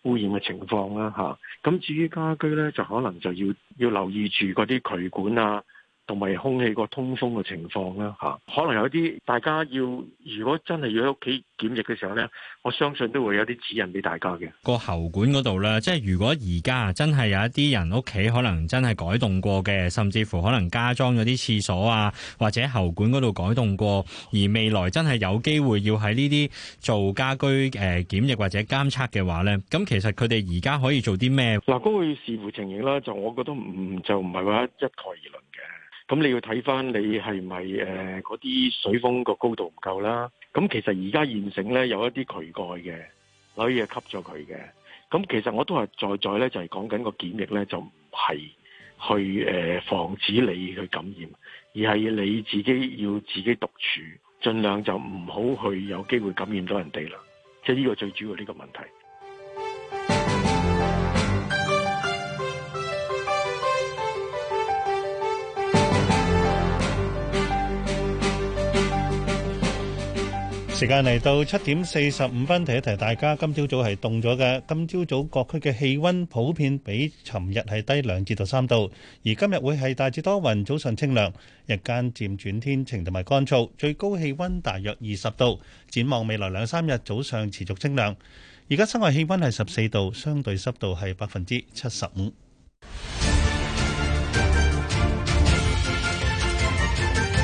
污染嘅情況啦，嚇，咁至於家居咧，就可能就要要留意住嗰啲渠管啊，同埋空氣個通風嘅情況啦，嚇，可能有啲大家要，如果真係要喺屋企檢疫嘅時候呢，我相信都會有啲指引俾大家嘅。個喉管嗰度呢，即係如果而家真係有一啲人屋企可能真係改動過嘅，甚至乎可能加裝咗啲廁所啊，或者喉管嗰度改動過，而未來真係有機會要喺呢啲做家居誒檢疫或者監測嘅話呢。咁其實佢哋而家可以做啲咩？嗱，嗰個視乎情形啦，就我覺得唔就唔係話一概而論。咁你要睇翻你係咪誒嗰啲水封個高度唔夠啦？咁其實而家現成咧有一啲渠蓋嘅，可以係吸咗佢嘅。咁其實我都係在在咧，就係講緊個檢疫咧，就唔係去誒、呃、防止你去感染，而係你自己要自己獨處，盡量就唔好去有機會感染到人哋啦。即係呢個最主要呢個問題。時間嚟到七點四十五分，提一提大家，今朝早係凍咗嘅。今朝早各區嘅氣溫普遍比尋日係低兩至到三度，而今日會係大致多雲，早上清涼，日間漸轉天晴同埋乾燥，最高氣温大約二十度。展望未來兩三日，早上持續清涼。而家室外氣温係十四度，相對濕度係百分之七十五。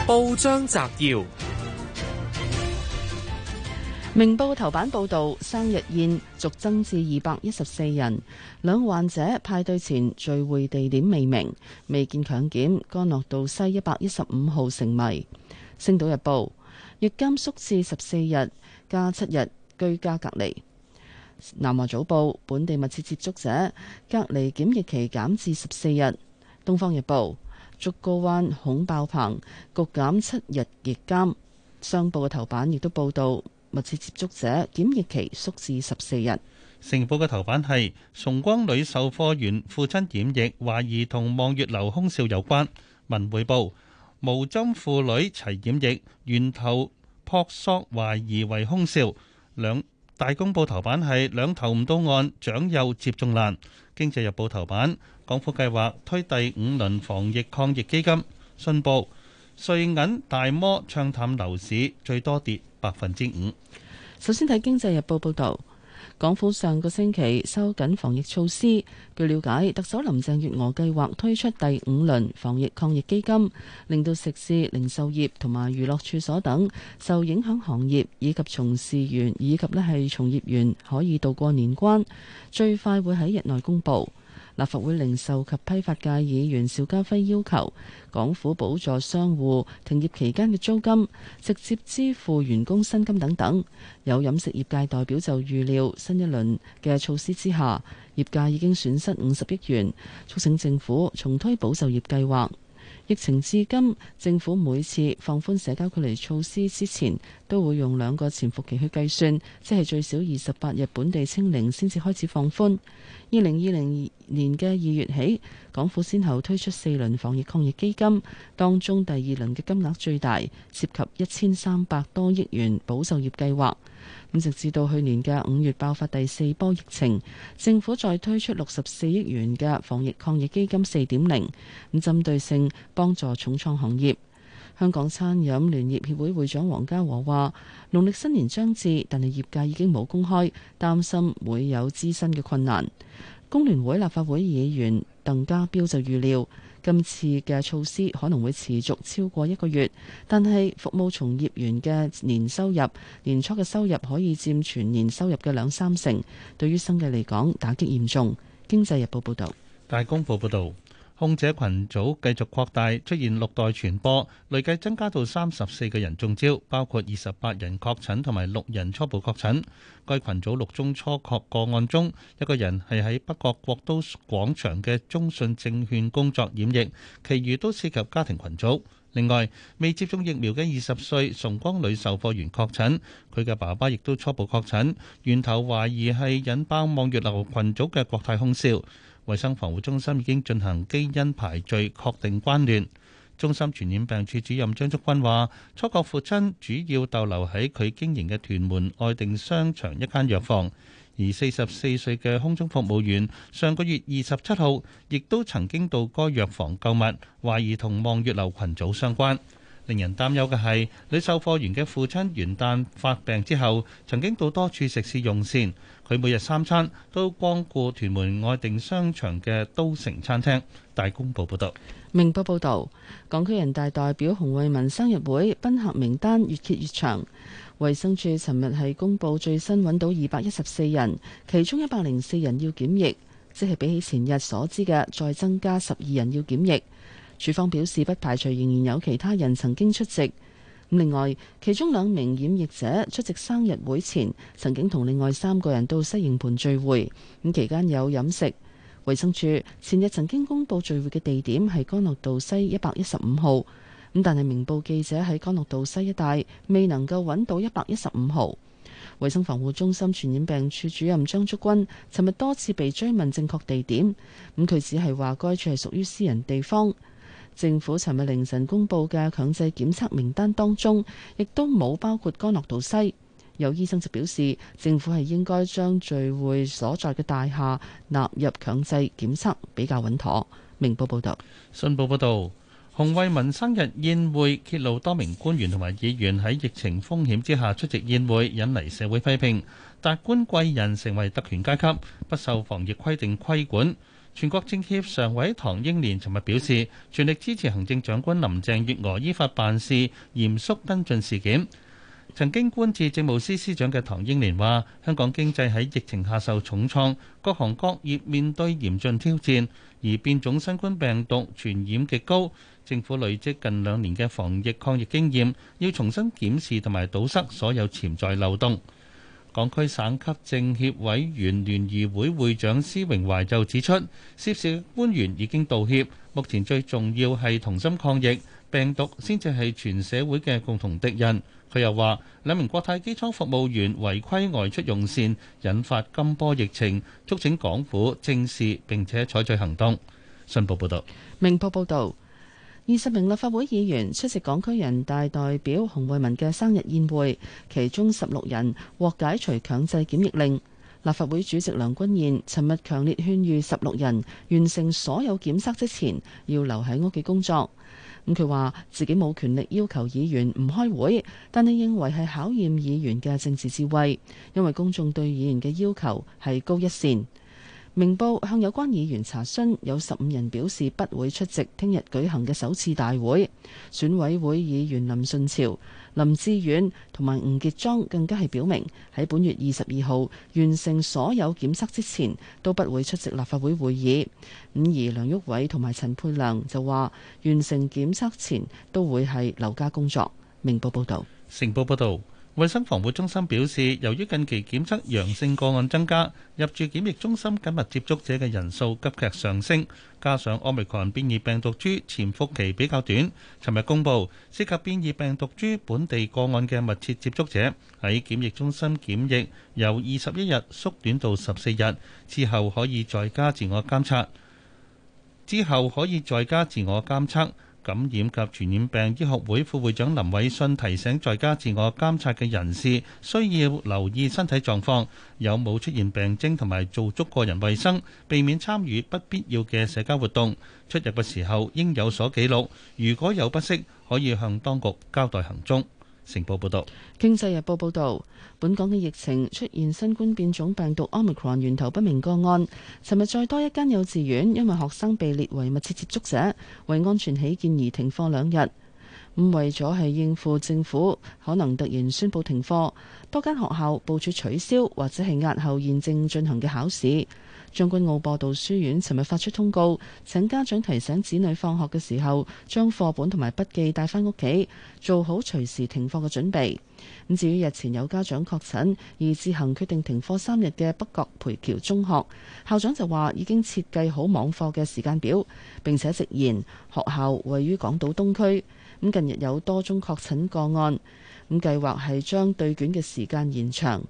報章摘要。明報頭版報導，生日宴逐增至二百一十四人，兩患者派對前聚會地點未明，未見強檢。干諾道西一百一十五號成迷。星島日報，預監縮至十四日加七日居家隔離。南華早報，本地密切接觸者隔離檢疫期減至十四日。東方日報，竹篙灣恐爆棚，局減七日預監。商報嘅頭版亦都報導。密切接觸者檢疫期縮至十四日。成報嘅頭版係崇光女售貨員父親檢疫，懷疑同望月樓空少有關。文匯報，無津父女齊檢疫，源頭撲朔，懷疑為空少。兩大公報頭版係兩頭唔到岸，長幼接種難。經濟日報頭版，港府計劃推第五輪防疫抗疫基金。信報瑞銀大摩唱淡樓市，最多跌百分之五。首先睇經濟日報報導，港府上個星期收緊防疫措施。據了解，特首林鄭月娥計劃推出第五輪防疫抗疫基金，令到食肆、零售業同埋娛樂處所等受影響行業以及從事員以及咧係從業員可以度過年關，最快會喺日內公佈。立法會零售及批發界議員邵家輝要求港府補助商戶停業期間嘅租金，直接支付員工薪金等等。有飲食業界代表就預料，新一輪嘅措施之下，業界已經損失五十億元，促請政府重推保就業計劃。疫情至今，政府每次放寬社交距離措施之前，都會用兩個潛伏期去計算，即係最少二十八日本地清零先至開始放寬。二零二零年嘅二月起，港府先後推出四輪防疫抗疫基金，當中第二輪嘅金額最大，涉及一千三百多億元保就業計劃。咁直至到去年嘅五月爆發第四波疫情，政府再推出六十四億元嘅防疫抗疫基金四點零，咁針對性幫助重創行業。香港餐飲聯業協會會長黃家和話：農曆新年將至，但係業界已經冇公開，擔心會有資薪嘅困難。工聯會立法會議員鄧家彪就預料，今次嘅措施可能會持續超過一個月，但係服務從業員嘅年收入，年初嘅收入可以佔全年收入嘅兩三成，對於生計嚟講打擊嚴重。經濟日報報道，大公報報道。空姐群組繼續擴大，出現六代傳播，累計增加到三十四個人中招，包括二十八人確診同埋六人初步確診。該群組六宗初確個案中，一個人係喺北角國都廣場嘅中信證券工作染疫，其餘都涉及家庭群組。另外，未接種疫苗嘅二十歲崇光女售貨員確診，佢嘅爸爸亦都初步確診。源頭懷疑係引爆望月樓群組嘅國泰空少。衛生防護中心已經進行基因排序，確定關聯。中心傳染病處主任張竹君話，初個父親主要逗留喺佢經營嘅屯門愛定商場一間藥房，而四十四歲嘅空中服務員上個月二十七號亦都曾經到該藥房購物，懷疑同望月樓群組相關。令人擔憂嘅係，女售貨員嘅父親元旦發病之後，曾經到多處食肆用膳。佢每日三餐都光顧屯門愛定商場嘅都城餐廳。大公報報道，明報報道，港區人大代表洪為民生日會賓客名單越揭越長。衛生署尋日係公布最新揾到二百一十四人，其中一百零四人要檢疫，即係比起前日所知嘅再增加十二人要檢疫。處方表示不排除仍然有其他人曾經出席。另外，其中兩名染疫者出席生日會前，曾經同另外三個人到西營盤聚會，咁期間有飲食。衛生署前日曾經公佈聚會嘅地點係干諾道西一百一十五號，咁但係明報記者喺干諾道西一帶未能夠揾到一百一十五號。衛生防護中心傳染病處主任張竹君尋日多次被追問正確地點，咁佢只係話該處係屬於私人地方。政府尋日凌晨公佈嘅強制檢測名單當中，亦都冇包括干諾道西。有醫生就表示，政府係應該將聚會所在嘅大廈納入強制檢測，比較穩妥。明報報道，信報報導，洪為民生日宴會揭露多名官員同埋議員喺疫情風險之下出席宴會，引嚟社會批評。達官貴人成為特權階級，不受防疫規定規管。全國政協常委唐英年尋日表示，全力支持行政長官林鄭月娥依法辦事，嚴肅跟進事件。曾經官至政務司司長嘅唐英年話，香港經濟喺疫情下受重創，各行各業面對嚴峻挑戰，而變種新冠病毒傳染極高。政府累積近兩年嘅防疫抗疫經驗，要重新檢視同埋堵塞所有潛在漏洞。港區省級政協委員聯誼會會長施榮懷就指出，涉事官員已經道歉。目前最重要係同心抗疫，病毒先至係全社會嘅共同敵人。佢又話，兩名國泰機艙服務員違規外出用膳，引發今波疫情，促請港府正視並且採取行動。信報報導，明報報導。二十名立法會議員出席港區人大代表洪為民嘅生日宴會，其中十六人獲解除強制檢疫令。立法會主席梁君彥尋日強烈勸喻十六人完成所有檢測之前，要留喺屋企工作。咁佢話自己冇權力要求議員唔開會，但佢認為係考驗議員嘅政治智慧，因為公眾對議員嘅要求係高一線。明報向有關議員查詢，有十五人表示不會出席聽日舉行嘅首次大會。選委會議員林順潮、林志遠同埋吳傑莊更加係表明，喺本月二十二號完成所有檢測之前，都不會出席立法會會議。五兒梁毓偉同埋陳佩亮就話，完成檢測前都會係留家工作。明報報，報道。成報報導。衛生防護中心表示，由於近期檢測陽性個案增加，入住檢疫中心緊密接觸者嘅人數急劇上升，加上奧密克戎變異病毒株潛伏期比較短，尋日公布涉及變異病毒株本地個案嘅密切接觸者喺檢疫中心檢疫，由二十一日縮短到十四日，之後可以在家自我監測。之後可以在家自我監測。感染及傳染病醫學會副會長林偉信提醒在家自我監察嘅人士，需要留意身體狀況，有冇出現病徵同埋做足個人衛生，避免參與不必要嘅社交活動，出入嘅時候應有所記錄，如果有不適可以向當局交代行蹤。成報報道，《經濟日報》報道，本港嘅疫情出現新冠變種病毒 omicron 源頭不明個案。尋日再多一間幼稚園，因為學生被列為密切接觸者，為安全起見而停課兩日。咁為咗係應付政府可能突然宣布停課，多間學校部署取消或者係押後現正進行嘅考試。將軍澳播道書院尋日發出通告，請家長提醒子女放學嘅時候將課本同埋筆記帶返屋企，做好隨時停課嘅準備。咁至於日前有家長確診而自行決定停課三日嘅北角培僑中學校長就話，已經設計好網課嘅時間表，並且直言學校位於港島東區。咁近日有多宗確診個案，咁計劃係將對卷嘅時間延長。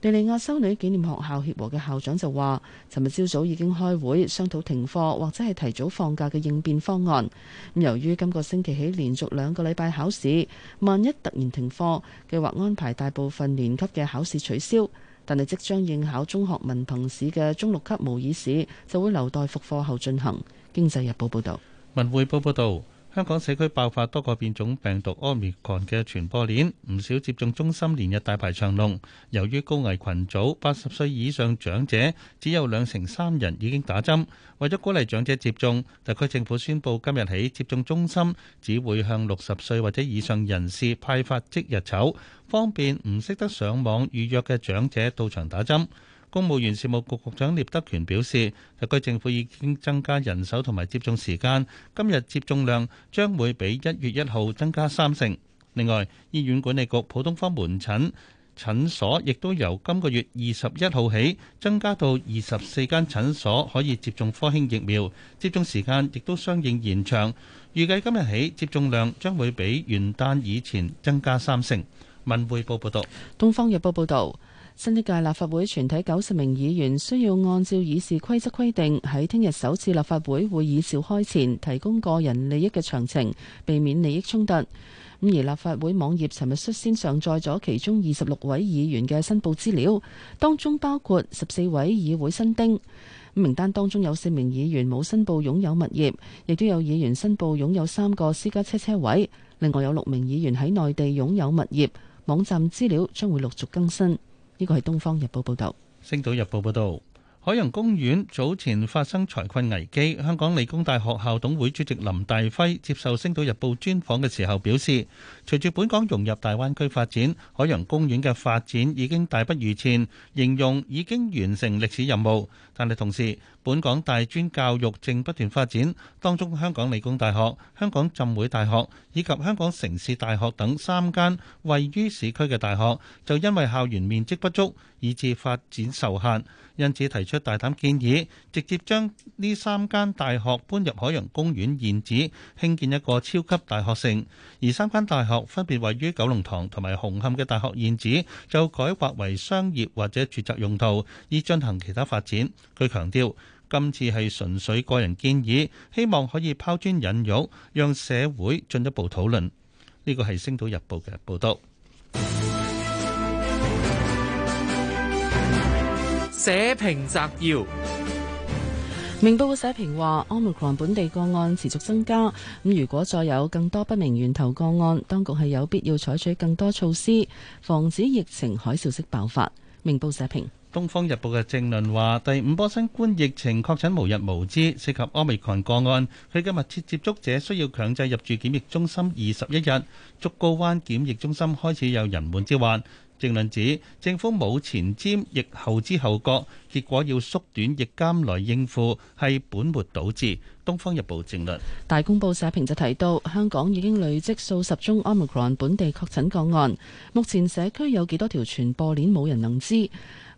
地利亞修女紀念學校協和嘅校長就話，尋日朝早已經開會商討停課或者係提早放假嘅應變方案。咁由於今個星期起連續兩個禮拜考試，萬一突然停課，計劃安排大部分年級嘅考試取消。但係即將應考中學文憑試嘅中六級模擬試就會留待復課後進行。經濟日報報道，文匯報報道。香港社區爆發多個變種病毒奧密克嘅傳播鏈，唔少接種中心連日大排長龍。由於高危群組八十歲以上長者只有兩成三人已經打針，為咗鼓勵長者接種，特區政府宣布今日起接種中心只會向六十歲或者以上人士派發即日籌，方便唔識得上網預約嘅長者到場打針。公務員事務局局長聶德權表示，特區政府已經增加人手同埋接種時間，今日接種量將會比一月一號增加三成。另外，醫院管理局普通科門診診所亦都由今個月二十一號起增加到二十四間診所可以接種科興疫苗，接種時間亦都相應延長。預計今日起接種量將會比元旦以前增加三成。文匯報報道，東方日報報道。新一屆立法會全體九十名議員需要按照議事規則規定，喺聽日首次立法會會議召開前提供個人利益嘅詳情，避免利益衝突。咁而立法會網頁尋日率先上載咗其中二十六位議員嘅申報資料，當中包括十四位議會新丁。名單當中有四名議員冇申報擁有物業，亦都有議員申報擁有三個私家車車位。另外有六名議員喺內地擁有物業。網站資料將會陸續更新。呢個係《東方日報》報導，《星島日報》報導，海洋公園早前發生財困危機。香港理工大學校董會主席林大輝接受《星島日報》專訪嘅時候表示，隨住本港融入大灣區發展，海洋公園嘅發展已經大不如前，形容已經完成歷史任務。但係同時本港大專教育正不斷發展，當中香港理工大學、香港浸會大學以及香港城市大學等三間位於市區嘅大學就因為校園面積不足，以致發展受限，因此提出大膽建議，直接將呢三間大學搬入海洋公園現址興建一個超級大學城。而三間大學分別位於九龍塘同埋紅磡嘅大學現址就改劃為商業或者住宅用途，以進行其他發展。佢強調，今次係純粹個人建議，希望可以拋磚引玉，讓社會進一步討論。呢個係《星島日報》嘅報導。社評摘要：明報嘅社評話，奧密克戎本地個案持續增加，咁如果再有更多不明源頭個案，當局係有必要採取更多措施，防止疫情海嘯式爆發。明報社評。《東方日報》嘅政論話：第五波新冠疫情確診無日無之，涉及奧密 o n 個案，佢嘅密切接觸者需要強制入住檢疫中心二十一日。竹篙灣檢疫中心開始有人滿之患。政論指政府冇前瞻亦後知後覺，結果要縮短疫監來應付，係本末倒置。《東方日報》正論。大公報社評就提到，香港已經累積數十宗奧密克戎本地確診個案，目前社區有幾多條傳播鏈冇人能知。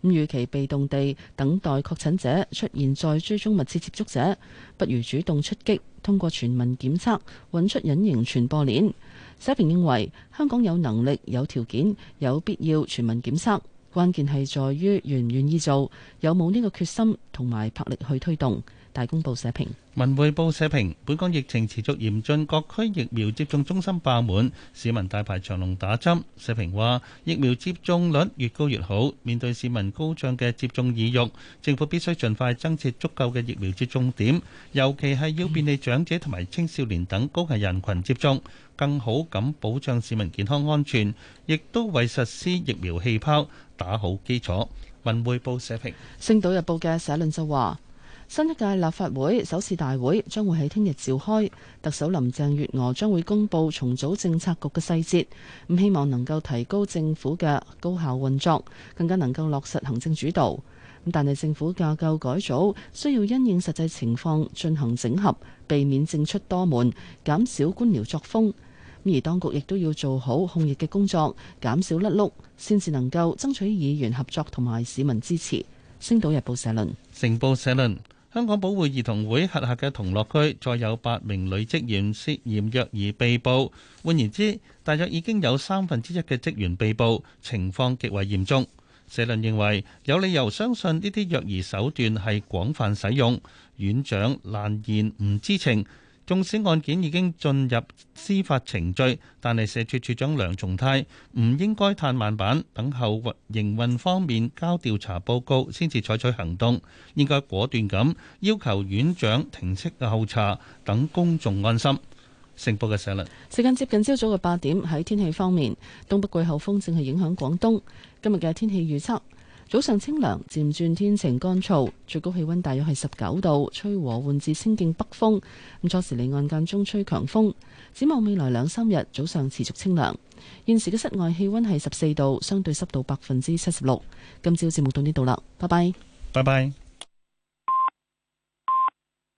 與其被動地等待確診者出現再追蹤密切接觸者，不如主動出擊，通過全民檢測揾出隱形傳播鏈。西平認為香港有能力、有條件、有必要全民檢測，關鍵係在於願唔願意做，有冇呢個決心同埋魄力去推動。大公報社評。文匯報社評，本港疫情持續嚴峻，各區疫苗接種中心爆滿，市民大排長龍打針。社評話：疫苗接種率越高越好。面對市民高漲嘅接種意欲，政府必須盡快增設足夠嘅疫苗接種點，尤其係要便利長者同埋青少年等高危人群接種，更好咁保障市民健康安全，亦都為實施疫苗氣泡打好基礎。文匯報社評，星島日報嘅社論就話。新一屆立法會首次大會將會喺聽日召開，特首林鄭月娥將會公布重組政策局嘅細節，咁希望能夠提高政府嘅高效運作，更加能夠落實行政主導。但係政府架構改組需要因應實際情況進行整合，避免政出多門，減少官僚作風。而當局亦都要做好控疫嘅工作，減少甩碌，先至能夠爭取議員合作同埋市民支持。星島日報社論，成報社論。香港保護兒童會轄下嘅同樂區再有八名女職員涉嫌虐兒被捕，換言之，大約已經有三分之一嘅職員被捕，情況極為嚴重。社論認為有理由相信呢啲虐兒手段係廣泛使用，院長難言唔知情。縱使案件已經進入司法程序，但係社署署長梁松泰唔應該嘆慢板，等候營運方面交調查報告先至採取行動，應該果斷咁要求院長停職候查，等公眾安心。成報嘅社論。時間接近朝早嘅八點，喺天氣方面，東北季候風正係影響廣東，今日嘅天氣預測。早上清涼，漸轉天晴乾燥，最高氣溫大約係十九度，吹和緩至清勁北風。咁初時離岸間中吹強風。展望未來兩三日早上持續清涼。現時嘅室外氣溫係十四度，相對濕度百分之七十六。今朝節目到呢度啦，拜拜。拜拜。